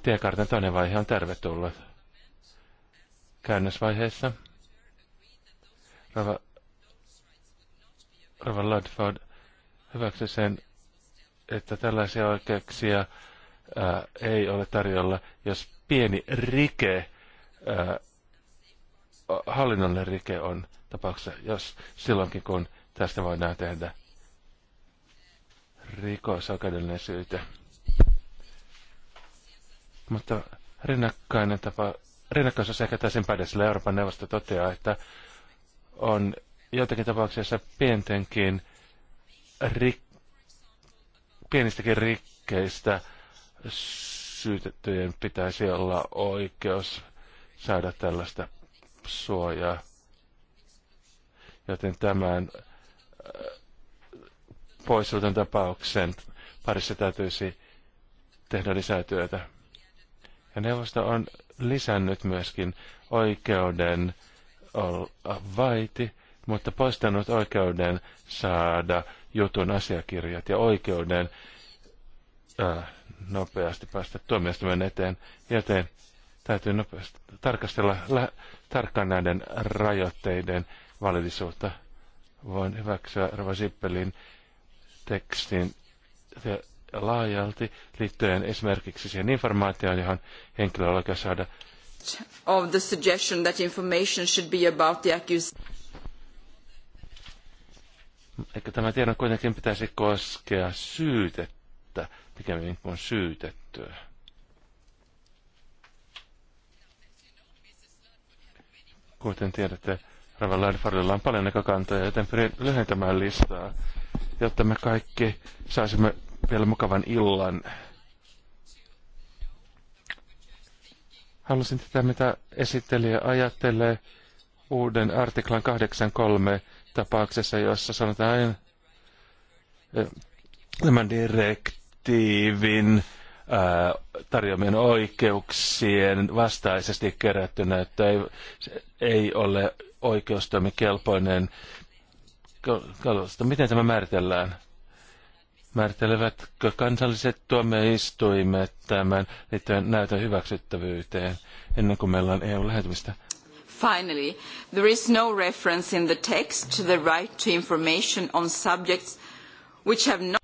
tiekartan toinen vaihe on tervetullut käännösvaiheessa. Rava, Rava Ludford hyväksyi sen, että tällaisia oikeuksia ää, ei ole tarjolla, jos pieni rike, hallinnollinen rike on tapauksessa, jos silloinkin kun tästä voidaan tehdä rikosoikeudellinen syyte. Mutta rinnakkainen tapa, rinnakkaisuus ehkä täysin pädessä, Euroopan neuvosto toteaa, että on joitakin tapauksia, joissa pientenkin rik, pienistäkin rikkeistä syytettyjen pitäisi olla oikeus saada tällaista suojaa. Joten tämän äh, poissulton tapauksen parissa täytyisi tehdä lisää työtä. Ja neuvosto on lisännyt myöskin oikeuden olla vaiti, mutta poistanut oikeuden saada jutun asiakirjat ja oikeuden Äh, nopeasti päästä tuomioistuimen eteen, joten täytyy nopeasti tarkastella lä- tarkkaan näiden rajoitteiden validisuutta. Voin hyväksyä Rova Sippelin tekstin laajalti liittyen esimerkiksi siihen informaatioon, johon henkilö on oikea saada. Of the suggestion that information should be about the accused. Eikä tämä tiedon kuitenkin pitäisi koskea syytettä pikemmin niin kuin syytettyä. Kuten tiedätte, Ravan Länfarilla on paljon näkökantoja, joten pyrin lyhentämään listaa, jotta me kaikki saisimme vielä mukavan illan. Halusin tätä, mitä esittelijä ajattelee uuden artiklan 8.3 tapauksessa, jossa sanotaan tämän direkt direktiivin tarjoamien oikeuksien vastaisesti kerättynä, että ei, ei ole oikeustoimikelpoinen. Miten tämä määritellään? Määrittelevätkö kansalliset tuomioistuimet tämän liittyen näytön hyväksyttävyyteen ennen kuin meillä on EU-lähetymistä? Finally, there is no reference in the text to the right to information on subjects which have not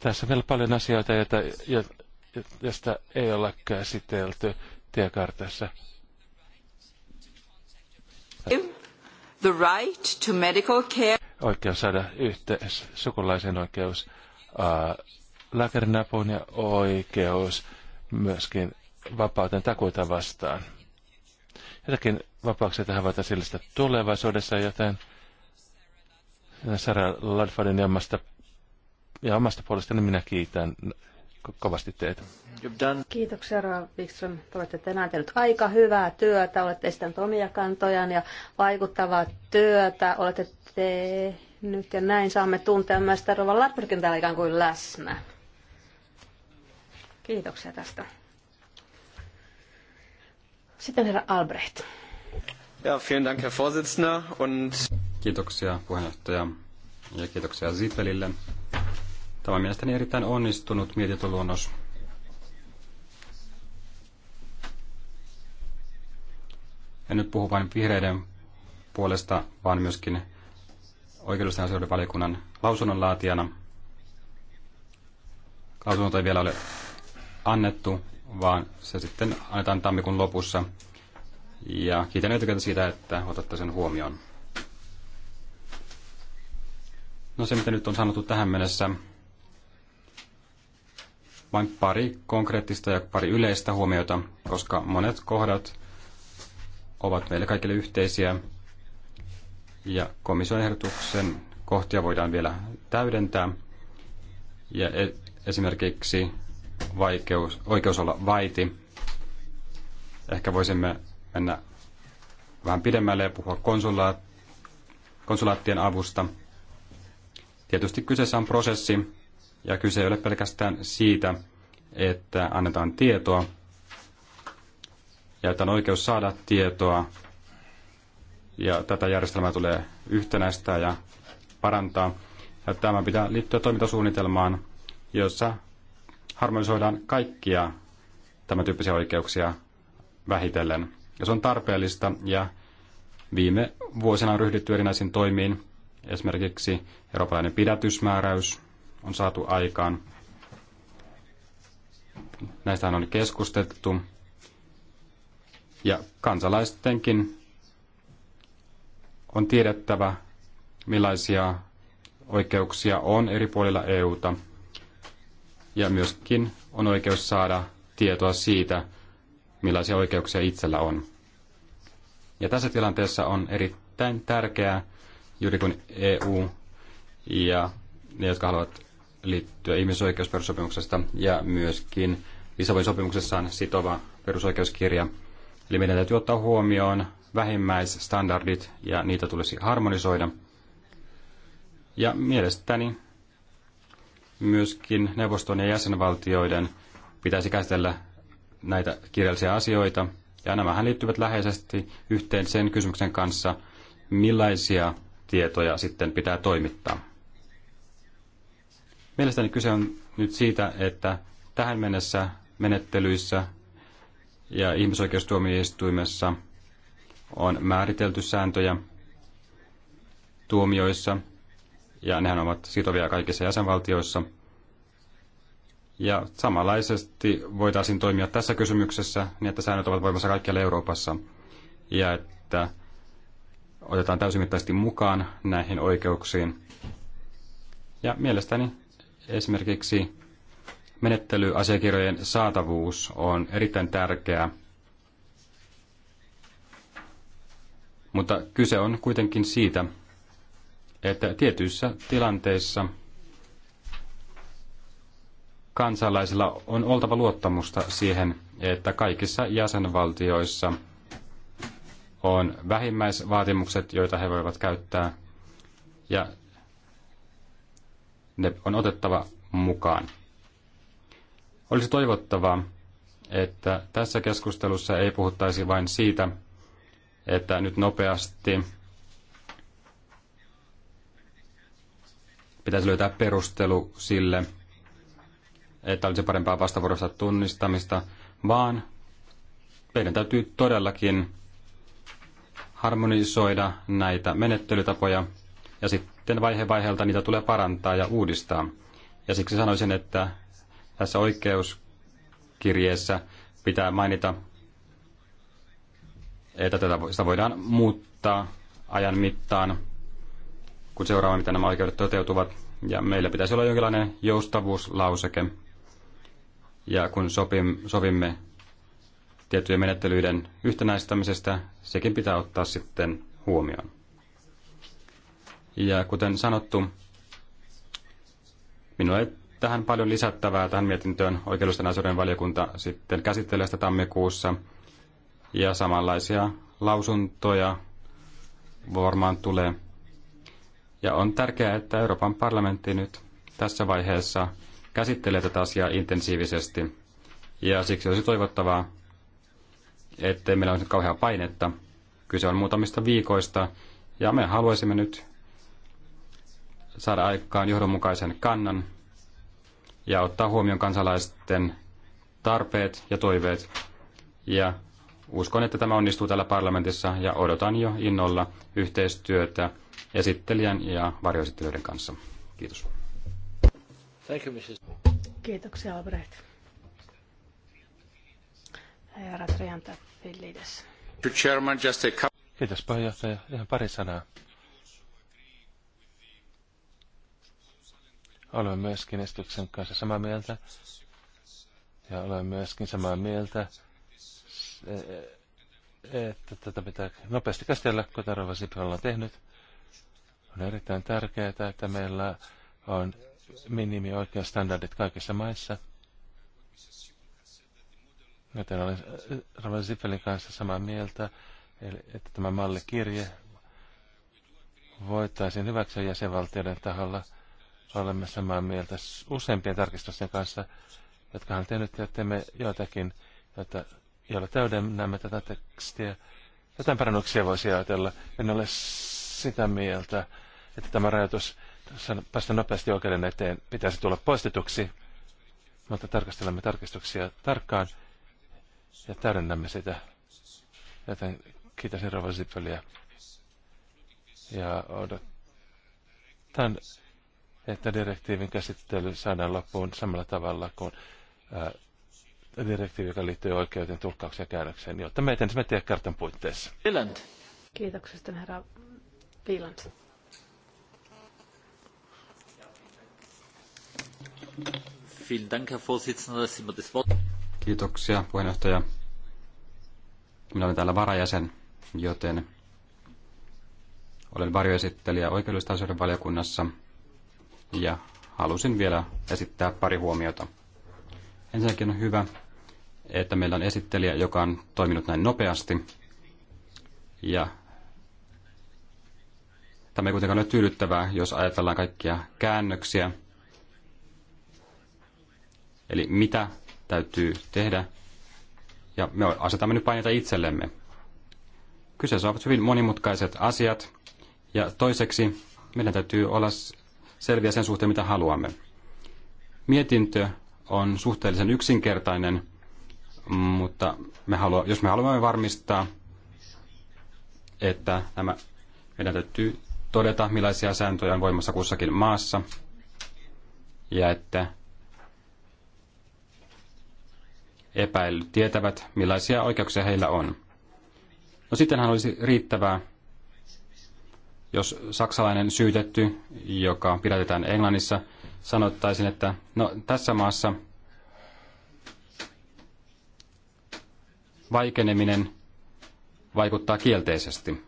tässä on vielä paljon asioita, joita, joista ei olla käsitelty tiekartassa. The right to medical care. Oikeus saada yhteys, sukulaisen oikeus äh, ja oikeus myöskin vapauten takuita vastaan. Jotakin vapauksia tähän voitaisiin lisätä tulevaisuudessa, joten Sarah Ladfordin jammasta ja omasta puolestani minä kiitän kovasti teitä. Kiitoksia Raal Wikström. Olette tänään tehnyt aika hyvää työtä, olette esittänyt omia kantojaan ja vaikuttavaa työtä olette tehnyt ja näin saamme tuntea myös sitä Rova Latpyrkin täällä ikään kuin läsnä. Kiitoksia tästä. Sitten herra Albrecht. Ja, vielen Dank, Herr Vorsitzender. Und... Kiitoksia puheenjohtaja ja kiitoksia Zipelille. Tämä on mielestäni erittäin onnistunut mietintöluonnos. En nyt puhu vain vihreiden puolesta, vaan myöskin oikeudellisten asioiden valiokunnan lausunnonlaatijana. Lausunto ei vielä ole annettu, vaan se sitten annetaan tammikuun lopussa. Ja kiitän etukäteen siitä, että otatte sen huomioon. No se, mitä nyt on sanottu tähän mennessä, vain pari konkreettista ja pari yleistä huomiota, koska monet kohdat ovat meille kaikille yhteisiä. Ja komission ehdotuksen kohtia voidaan vielä täydentää. Ja e- esimerkiksi vaikeus, oikeus olla vaiti. Ehkä voisimme mennä vähän pidemmälle ja puhua konsulaat, konsulaattien avusta. Tietysti kyseessä on prosessi, ja kyse ei ole pelkästään siitä, että annetaan tietoa ja että on oikeus saada tietoa. Ja tätä järjestelmää tulee yhtenäistää ja parantaa. Ja tämä pitää liittyä toimintasuunnitelmaan, jossa harmonisoidaan kaikkia tämän tyyppisiä oikeuksia vähitellen. Jos on tarpeellista ja viime vuosina on ryhdytty erinäisiin toimiin, esimerkiksi eurooppalainen pidätysmääräys, on saatu aikaan. Näistähän on keskusteltu. Ja kansalaistenkin on tiedettävä, millaisia oikeuksia on eri puolilla EUta. Ja myöskin on oikeus saada tietoa siitä, millaisia oikeuksia itsellä on. Ja tässä tilanteessa on erittäin tärkeää, juuri kun EU ja ne, jotka haluavat liittyä ihmisoikeusperussopimuksesta ja myöskin Lissabonin sopimuksessa on sitova perusoikeuskirja. Eli meidän täytyy ottaa huomioon vähimmäisstandardit ja niitä tulisi harmonisoida. Ja mielestäni myöskin neuvoston ja jäsenvaltioiden pitäisi käsitellä näitä kirjallisia asioita. Ja nämähän liittyvät läheisesti yhteen sen kysymyksen kanssa, millaisia tietoja sitten pitää toimittaa. Mielestäni kyse on nyt siitä, että tähän mennessä menettelyissä ja ihmisoikeustuomioistuimessa on määritelty sääntöjä tuomioissa, ja nehän ovat sitovia kaikissa jäsenvaltioissa. Ja samanlaisesti voitaisiin toimia tässä kysymyksessä niin, että säännöt ovat voimassa kaikkialla Euroopassa, ja että otetaan täysimittaisesti mukaan näihin oikeuksiin. Ja mielestäni Esimerkiksi menettelyasiakirjojen saatavuus on erittäin tärkeää, mutta kyse on kuitenkin siitä, että tietyissä tilanteissa kansalaisilla on oltava luottamusta siihen, että kaikissa jäsenvaltioissa on vähimmäisvaatimukset, joita he voivat käyttää, ja ne on otettava mukaan. Olisi toivottavaa, että tässä keskustelussa ei puhuttaisi vain siitä, että nyt nopeasti pitäisi löytää perustelu sille, että olisi parempaa vastavuorosta tunnistamista, vaan meidän täytyy todellakin harmonisoida näitä menettelytapoja ja sitten sitten vaihe vaiheelta niitä tulee parantaa ja uudistaa. Ja siksi sanoisin, että tässä oikeuskirjeessä pitää mainita, että tätä, sitä voidaan muuttaa ajan mittaan, kun seuraava, mitä nämä oikeudet toteutuvat. Ja meillä pitäisi olla jonkinlainen joustavuuslauseke. Ja kun sopim, sovimme tiettyjen menettelyiden yhtenäistämisestä, sekin pitää ottaa sitten huomioon. Ja kuten sanottu, minulla ei tähän paljon lisättävää tähän mietintöön. Oikeudellisten asioiden valiokunta sitten käsittelee sitä tammikuussa. Ja samanlaisia lausuntoja varmaan tulee. Ja on tärkeää, että Euroopan parlamentti nyt tässä vaiheessa käsittelee tätä asiaa intensiivisesti. Ja siksi olisi toivottavaa, ettei meillä olisi nyt painetta. Kyse on muutamista viikoista, ja me haluaisimme nyt saada aikaan johdonmukaisen kannan ja ottaa huomioon kansalaisten tarpeet ja toiveet. Ja uskon, että tämä onnistuu täällä parlamentissa ja odotan jo innolla yhteistyötä esittelijän ja varjoesittelijöiden kanssa. Kiitos. Thank you, Mrs. Kiitoksia, Albrecht. Herra Trianta Kiitos puheenjohtaja. Ihan pari sanaa. Olen myöskin esityksen kanssa samaa mieltä. Ja olen myöskin samaa mieltä, e, e, että tätä pitää nopeasti käsitellä, kuten Rova Sipralla on tehnyt. On erittäin tärkeää, että meillä on minimi standardit kaikissa maissa. Joten olen e, Ravan Zippelin kanssa samaa mieltä, eli, että tämä mallikirje voitaisiin hyväksyä jäsenvaltioiden taholla – olemme samaa mieltä useimpien tarkistusten kanssa, jotka hän tehnyt, ja teemme joitakin, joita, joilla täydennämme tätä tekstiä. Jotain parannuksia voisi ajatella. En ole sitä mieltä, että tämä rajoitus päästä nopeasti oikeuden eteen pitäisi tulla poistetuksi, mutta tarkastelemme tarkistuksia tarkkaan ja täydennämme sitä. Joten kiitos Rova Zippeliä ja odotan että direktiivin käsittely saadaan loppuun samalla tavalla kuin ää, direktiivi, joka liittyy oikeuteen, tulkkaukseen ja käännökseen, jotta me etenisimme tiekartan puitteissa. Viland. Kiitoksesta, herra Viland. Kiitoksia, puheenjohtaja. Minä olen täällä varajäsen, joten olen varjoesittelijä oikeudellisten asioiden valiokunnassa – ja halusin vielä esittää pari huomiota. Ensinnäkin on hyvä, että meillä on esittelijä, joka on toiminut näin nopeasti. Ja tämä ei kuitenkaan ole tyydyttävää, jos ajatellaan kaikkia käännöksiä. Eli mitä täytyy tehdä. Ja me asetamme nyt paineita itsellemme. Kyseessä ovat hyvin monimutkaiset asiat. Ja toiseksi meidän täytyy olla selviä sen suhteen, mitä haluamme. Mietintö on suhteellisen yksinkertainen, mutta me halua, jos me haluamme varmistaa, että nämä, meidän täytyy todeta, millaisia sääntöjä on voimassa kussakin maassa, ja että epäilyt tietävät, millaisia oikeuksia heillä on. No sittenhän olisi riittävää, jos saksalainen syytetty, joka pidätetään Englannissa, sanottaisin, että no, tässä maassa vaikeneminen vaikuttaa kielteisesti.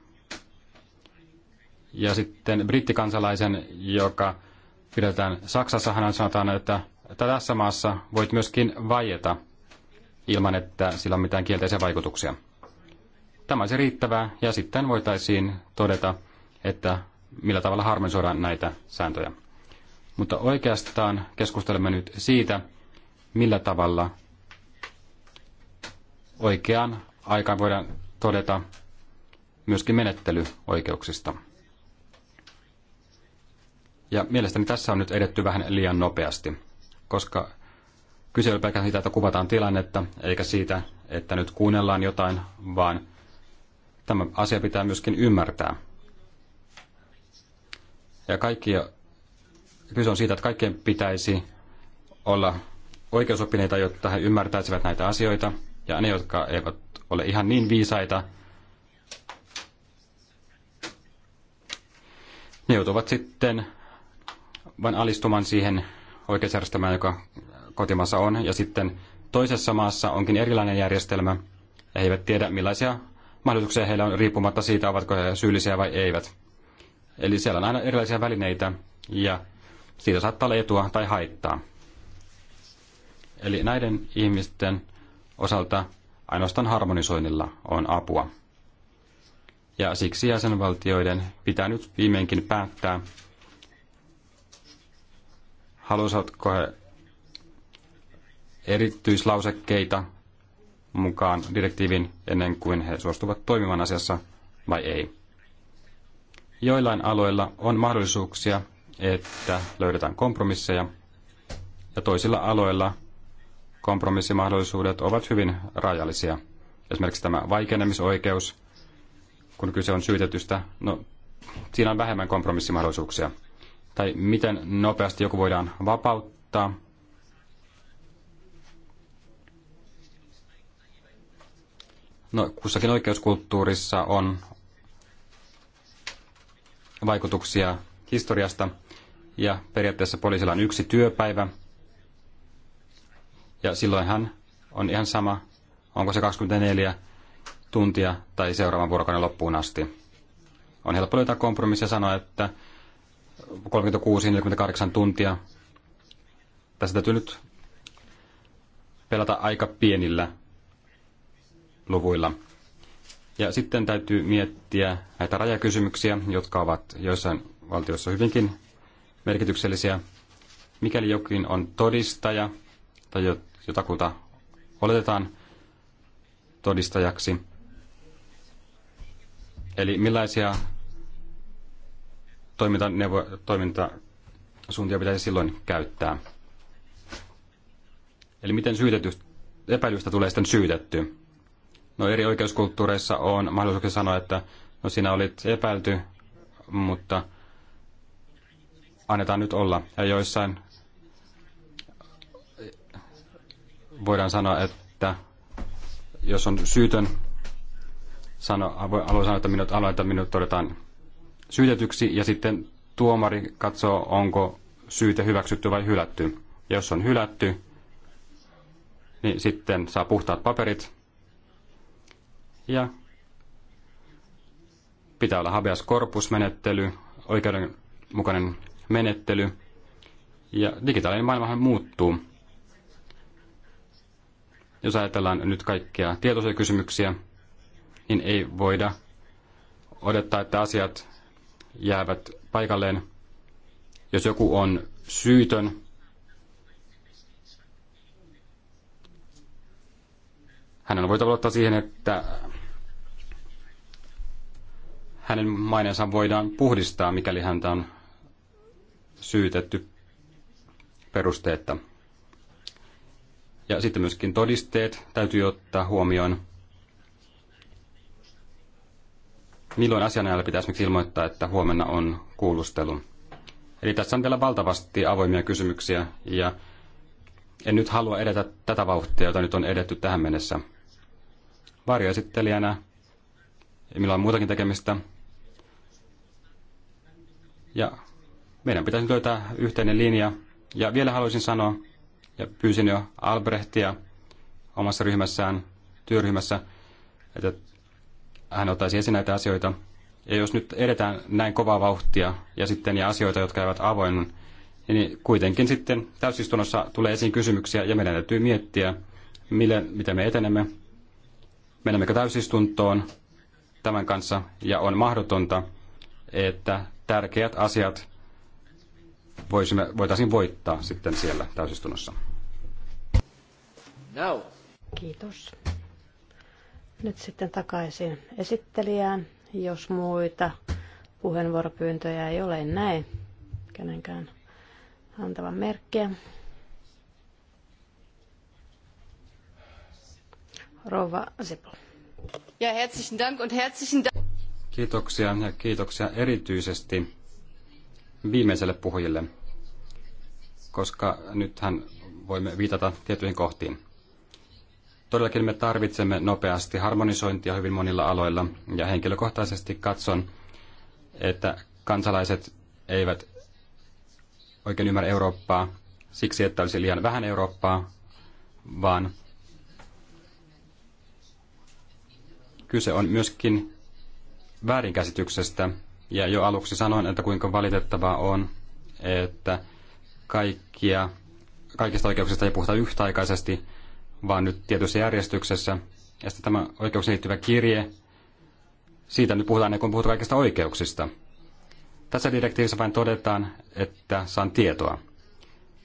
Ja sitten brittikansalaisen, joka pidetään Saksassa, hän sanotaan, että tässä maassa voit myöskin vaieta ilman, että sillä on mitään kielteisiä vaikutuksia. Tämä olisi riittävää ja sitten voitaisiin todeta, että millä tavalla harmonisoidaan näitä sääntöjä. Mutta oikeastaan keskustelemme nyt siitä, millä tavalla oikeaan aikaan voidaan todeta myöskin menettelyoikeuksista. Ja mielestäni tässä on nyt edetty vähän liian nopeasti, koska kyse ei pelkästään siitä, että kuvataan tilannetta, eikä siitä, että nyt kuunnellaan jotain, vaan tämä asia pitää myöskin ymmärtää. Ja kaikki, kyse on siitä, että kaikkien pitäisi olla oikeusoppineita, jotta he ymmärtäisivät näitä asioita. Ja ne, jotka eivät ole ihan niin viisaita, ne joutuvat sitten vain alistumaan siihen oikeusjärjestelmään, joka kotimaassa on. Ja sitten toisessa maassa onkin erilainen järjestelmä. He eivät tiedä, millaisia mahdollisuuksia heillä on riippumatta siitä, ovatko he syyllisiä vai eivät. Eli siellä on aina erilaisia välineitä ja siitä saattaa olla etua tai haittaa. Eli näiden ihmisten osalta ainoastaan harmonisoinnilla on apua. Ja siksi jäsenvaltioiden pitää nyt viimeinkin päättää, halusatko he erityislausekkeita mukaan direktiivin ennen kuin he suostuvat toimimaan asiassa vai ei. Joillain aloilla on mahdollisuuksia, että löydetään kompromisseja, ja toisilla aloilla kompromissimahdollisuudet ovat hyvin rajallisia. Esimerkiksi tämä vaikenemisoikeus, kun kyse on syytetystä, no siinä on vähemmän kompromissimahdollisuuksia. Tai miten nopeasti joku voidaan vapauttaa. No, kussakin oikeuskulttuurissa on vaikutuksia historiasta. Ja periaatteessa poliisilla on yksi työpäivä. Ja silloinhan on ihan sama, onko se 24 tuntia tai seuraavan vuorokauden loppuun asti. On helppo löytää kompromissi ja sanoa, että 36-48 tuntia. Tässä täytyy nyt pelata aika pienillä luvuilla. Ja sitten täytyy miettiä näitä rajakysymyksiä, jotka ovat joissain valtioissa hyvinkin merkityksellisiä. Mikäli jokin on todistaja tai jotakuta oletetaan todistajaksi, eli millaisia toimintaneuvo- toimintasuuntia pitäisi silloin käyttää. Eli miten syytetystä, epäilystä tulee sitten syytetty. No eri oikeuskulttuureissa on mahdollisuuksia sanoa, että no sinä olit epäilty, mutta annetaan nyt olla. Ja joissain voidaan sanoa, että jos on syytön, sano, haluan sanoa, että minut, haluan, että minut todetaan syytetyksi ja sitten tuomari katsoo, onko syyte hyväksytty vai hylätty. Ja jos on hylätty, niin sitten saa puhtaat paperit ja pitää olla habeas corpus-menettely, oikeudenmukainen menettely. Ja digitaalinen maailmahan muuttuu. Jos ajatellaan nyt kaikkia tietoisia kysymyksiä, niin ei voida odottaa, että asiat jäävät paikalleen. Jos joku on syytön, Hänellä on voitava luottaa siihen, että hänen maineensa voidaan puhdistaa, mikäli häntä on syytetty perusteetta. Ja sitten myöskin todisteet täytyy ottaa huomioon. Milloin asianajalle pitäisi esimerkiksi ilmoittaa, että huomenna on kuulustelu? Eli tässä on vielä valtavasti avoimia kysymyksiä ja en nyt halua edetä tätä vauhtia, jota nyt on edetty tähän mennessä. Varjoesittelijänä, millä on muutakin tekemistä, ja meidän pitäisi löytää yhteinen linja. Ja vielä haluaisin sanoa, ja pyysin jo Albrehtia omassa ryhmässään, työryhmässä, että hän ottaisi esiin näitä asioita. Ja jos nyt edetään näin kovaa vauhtia ja sitten ja asioita, jotka eivät avoin, niin kuitenkin sitten täysistunnossa tulee esiin kysymyksiä ja meidän täytyy miettiä, mille, miten me etenemme. Menemmekö täysistuntoon tämän kanssa ja on mahdotonta, että tärkeät asiat voisimme, voitaisiin voittaa sitten siellä täysistunnossa. Now. Kiitos. Nyt sitten takaisin esittelijään, jos muita puheenvuoropyyntöjä ei ole, näin, kenenkään antavan merkkiä. Rova Sippel. Ja herzlichen Dank und herzlichen Dank. Kiitoksia ja kiitoksia erityisesti viimeiselle puhujille, koska nythän voimme viitata tiettyihin kohtiin. Todellakin me tarvitsemme nopeasti harmonisointia hyvin monilla aloilla ja henkilökohtaisesti katson, että kansalaiset eivät oikein ymmärrä Eurooppaa siksi, että olisi liian vähän Eurooppaa, vaan kyse on myöskin väärinkäsityksestä. Ja jo aluksi sanoin, että kuinka valitettavaa on, että kaikkia, kaikista oikeuksista ei puhuta yhtäaikaisesti, vaan nyt tietyssä järjestyksessä. Ja sitten tämä oikeuksiin liittyvä kirje, siitä nyt puhutaan ennen kuin puhutaan kaikista oikeuksista. Tässä direktiivissä vain todetaan, että saan tietoa.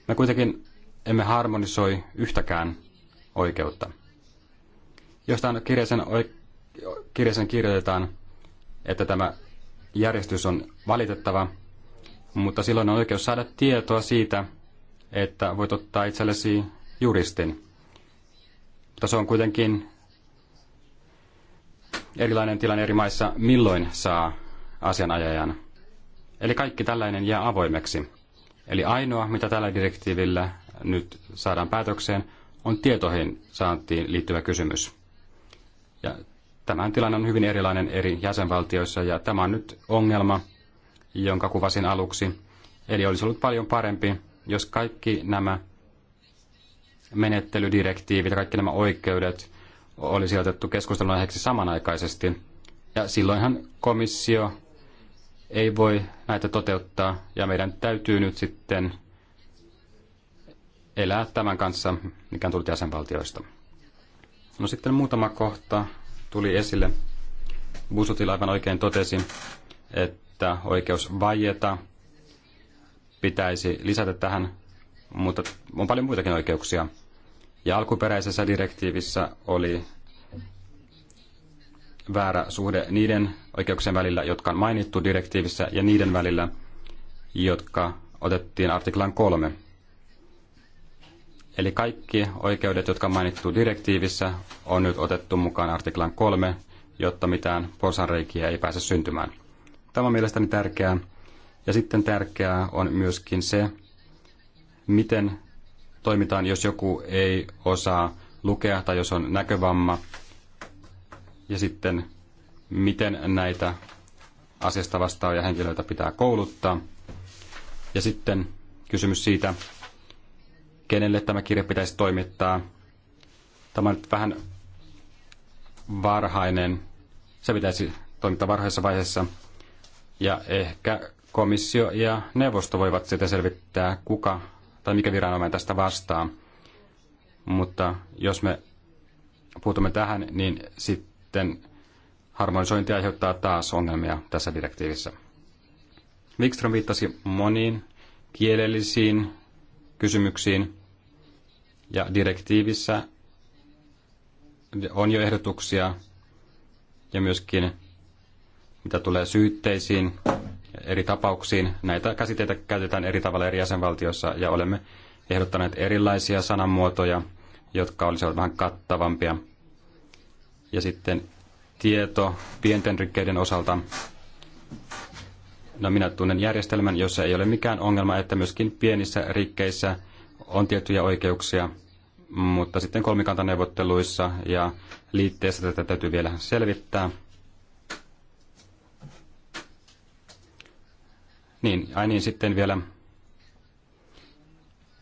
Me kuitenkin emme harmonisoi yhtäkään oikeutta. Jostain kirjaisen, kirjaisen kirjoitetaan, että tämä järjestys on valitettava, mutta silloin on oikeus saada tietoa siitä, että voit ottaa itsellesi juristin. Mutta se on kuitenkin erilainen tilanne eri maissa, milloin saa asianajajan. Eli kaikki tällainen jää avoimeksi. Eli ainoa, mitä tällä direktiivillä nyt saadaan päätökseen, on tietoihin saantiin liittyvä kysymys. Ja Tämän tilanne on hyvin erilainen eri jäsenvaltioissa ja tämä on nyt ongelma, jonka kuvasin aluksi. Eli olisi ollut paljon parempi, jos kaikki nämä menettelydirektiivit ja kaikki nämä oikeudet olisi otettu keskustelun aiheeksi samanaikaisesti. Ja silloinhan komissio ei voi näitä toteuttaa ja meidän täytyy nyt sitten elää tämän kanssa, mikä on tullut jäsenvaltioista. No sitten muutama kohta tuli esille. Busutila aivan oikein totesi, että oikeus vajeta pitäisi lisätä tähän, mutta on paljon muitakin oikeuksia. Ja alkuperäisessä direktiivissä oli väärä suhde niiden oikeuksien välillä, jotka on mainittu direktiivissä, ja niiden välillä, jotka otettiin artiklan kolme. Eli kaikki oikeudet, jotka on mainittu direktiivissä, on nyt otettu mukaan artiklan 3, jotta mitään porsanreikiä ei pääse syntymään. Tämä on mielestäni tärkeää. Ja sitten tärkeää on myöskin se, miten toimitaan, jos joku ei osaa lukea tai jos on näkövamma. Ja sitten, miten näitä asiasta vastaavia henkilöitä pitää kouluttaa. Ja sitten kysymys siitä, kenelle tämä kirja pitäisi toimittaa. Tämä on nyt vähän varhainen. Se pitäisi toimittaa varhaisessa vaiheessa. Ja ehkä komissio ja neuvosto voivat sitä selvittää, kuka tai mikä viranomainen tästä vastaa. Mutta jos me puutumme tähän, niin sitten harmonisointi aiheuttaa taas ongelmia tässä direktiivissä. Wikström viittasi moniin kielellisiin kysymyksiin. Ja direktiivissä on jo ehdotuksia ja myöskin mitä tulee syytteisiin eri tapauksiin. Näitä käsitteitä käytetään eri tavalla eri jäsenvaltioissa ja olemme ehdottaneet erilaisia sanamuotoja, jotka olisivat vähän kattavampia. Ja sitten tieto pienten rikkeiden osalta No minä tunnen järjestelmän, jossa ei ole mikään ongelma, että myöskin pienissä rikkeissä on tiettyjä oikeuksia, mutta sitten kolmikantaneuvotteluissa ja liitteessä tätä täytyy vielä selvittää. Niin, ai niin, sitten vielä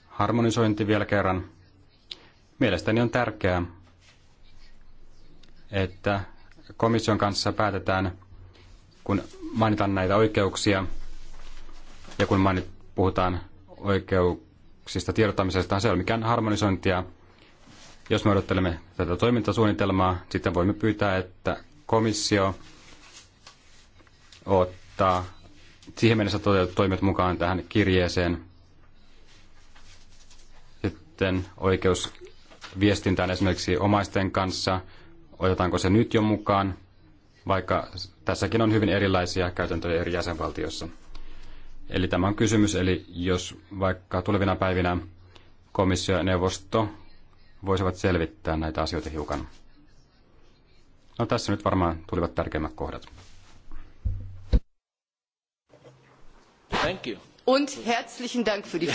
harmonisointi vielä kerran. Mielestäni on tärkeää, että komission kanssa päätetään, kun mainita näitä oikeuksia. Ja kun mainit, puhutaan oikeuksista tiedottamisesta, se ei ole mikään harmonisointia. Jos me odottelemme tätä toimintasuunnitelmaa, sitten voimme pyytää, että komissio ottaa siihen mennessä toteutetut toimet mukaan tähän kirjeeseen. Sitten oikeus viestintään esimerkiksi omaisten kanssa, otetaanko se nyt jo mukaan, vaikka tässäkin on hyvin erilaisia käytäntöjä eri jäsenvaltioissa. Eli tämä on kysymys, eli jos vaikka tulevina päivinä komissio ja neuvosto voisivat selvittää näitä asioita hiukan. No tässä nyt varmaan tulivat tärkeimmät kohdat. Thank you. Und herzlichen Dank für die...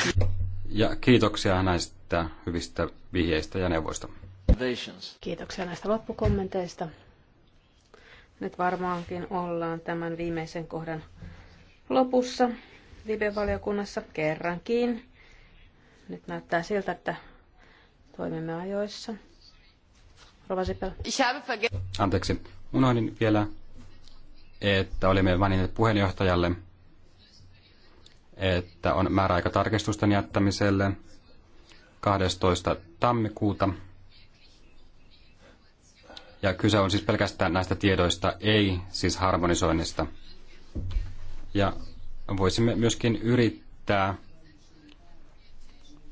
Ja kiitoksia näistä hyvistä vihjeistä ja neuvoista. Kiitoksia näistä loppukommenteista. Nyt varmaankin ollaan tämän viimeisen kohdan lopussa live-valiokunnassa kerrankin. Nyt näyttää siltä, että toimimme ajoissa. Anteeksi, unohdin vielä, että olimme maininneet puheenjohtajalle, että on määräaika tarkistusten jättämiselle 12. tammikuuta ja kyse on siis pelkästään näistä tiedoista, ei siis harmonisoinnista. Ja voisimme myöskin yrittää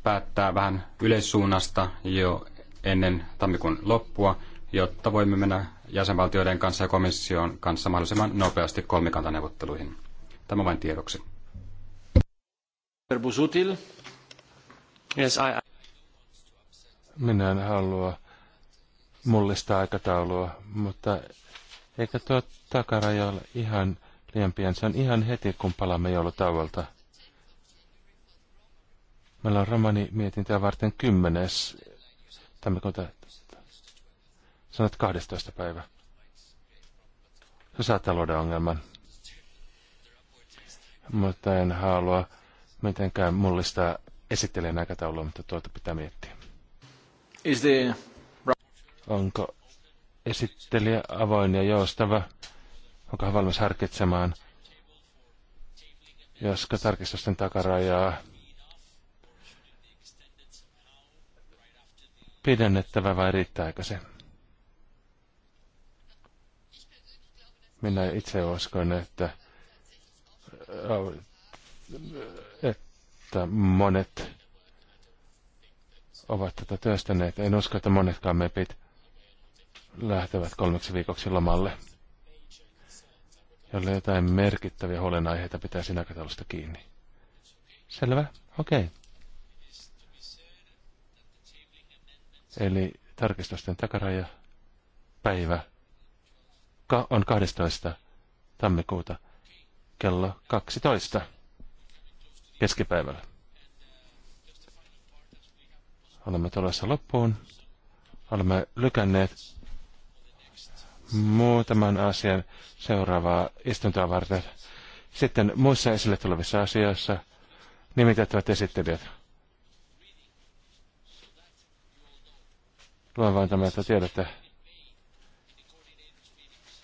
päättää vähän yleissuunnasta jo ennen tammikuun loppua, jotta voimme mennä jäsenvaltioiden kanssa ja komission kanssa mahdollisimman nopeasti kolmikantaneuvotteluihin. Tämä vain tiedoksi. Busutil. Yes, I... Minä en halua mullista aikataulua, mutta eikä tuo takaraja ole ihan liian pian. Se on ihan heti, kun palaamme joulutauolta. Meillä on romani mietintää varten kymmenes, tammikuuta. Sanot 12. päivä. Se saattaa luoda ongelman. Mutta en halua mitenkään mullistaa esittelijän aikataulua, mutta tuota pitää miettiä. Is there Onko esittelijä avoin ja joustava? Onko hän valmis harkitsemaan, josko tarkistusten takarajaa pidennettävä vai riittääkö se? Minä itse uskon, että, että monet ovat tätä työstäneet. En usko, että monetkaan mepit lähtevät kolmeksi viikoksi lomalle, jolle jotain merkittäviä huolenaiheita pitää sinä katalosta kiinni. Selvä, okei. Okay. Eli tarkistusten takaraja päivä ka- on 12. tammikuuta kello 12 keskipäivällä. Olemme tulossa loppuun. Olemme lykänneet muutaman asian seuraavaa istuntoa varten. Sitten muissa esille tulevissa asioissa nimitettävät esittelijät. Luen vain tämän, että tiedätte.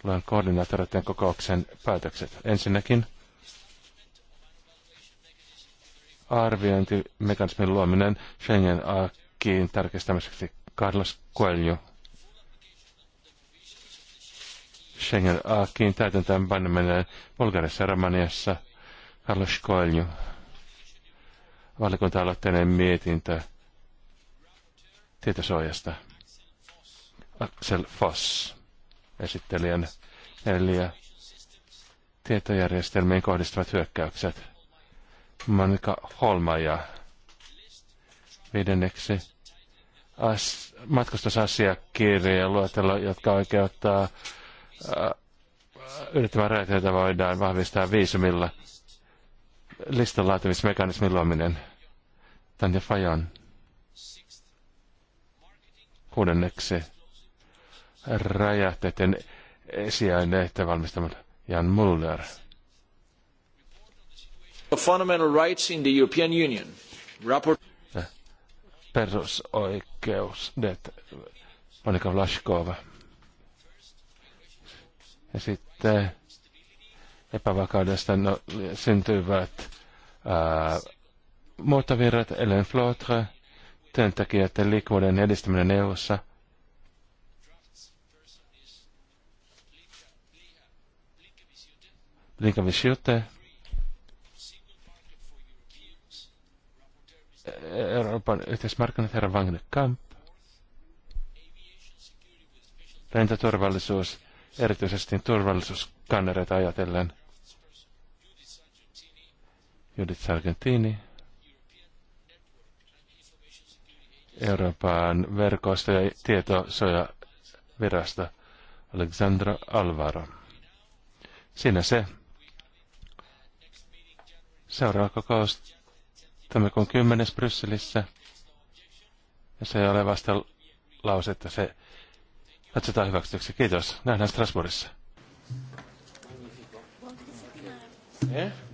Luen koordinaattoreiden kokouksen päätökset. Ensinnäkin arviointimekanismin luominen schengen akiin tarkistamiseksi Carlos Coelho Schengen-Aakiin täytäntöönpaneminen Bulgariassa ja Romaniassa. Carlos Coelho, valikunta-aloitteinen mietintö tietosuojasta. Axel Foss, esittelijän neljä tietojärjestelmiin kohdistuvat hyökkäykset. Monika Holmaja. Viidenneksi as, matkustusasiakirja luettelo, jotka oikeuttaa Äh, ylittävää reiteitä voidaan vahvistaa viisumilla. Listan laatimismekanismin luominen. Tanja Fajon. Kuudenneksi. Räjähteiden esiaineiden valmistaminen. Jan Muller. Fundamental rights in the European Union. Rapport... Äh, perusoikeudet. Monika Vlaskova. Ja sitten epävakaudesta no, syntyvät ää, muuttovirrat, Ellen Flotre, työntekijöiden liikkuvuuden edistäminen EU-ssa. Euroopan yhteismarkkinat, herra Wagner Kamp, lentoturvallisuus erityisesti turvallisuuskannereita ajatellen. Judith Sargentini, Euroopan verkosta ja tietosuojavirasta Alexandra Alvaro. Siinä se. Seuraava kokous tammikuun 10. Brysselissä. ja se ei ole vasta lausetta, se Katsotaan hyväksytyksi. Kiitos. Nähdään Strasbourgissa. Eh?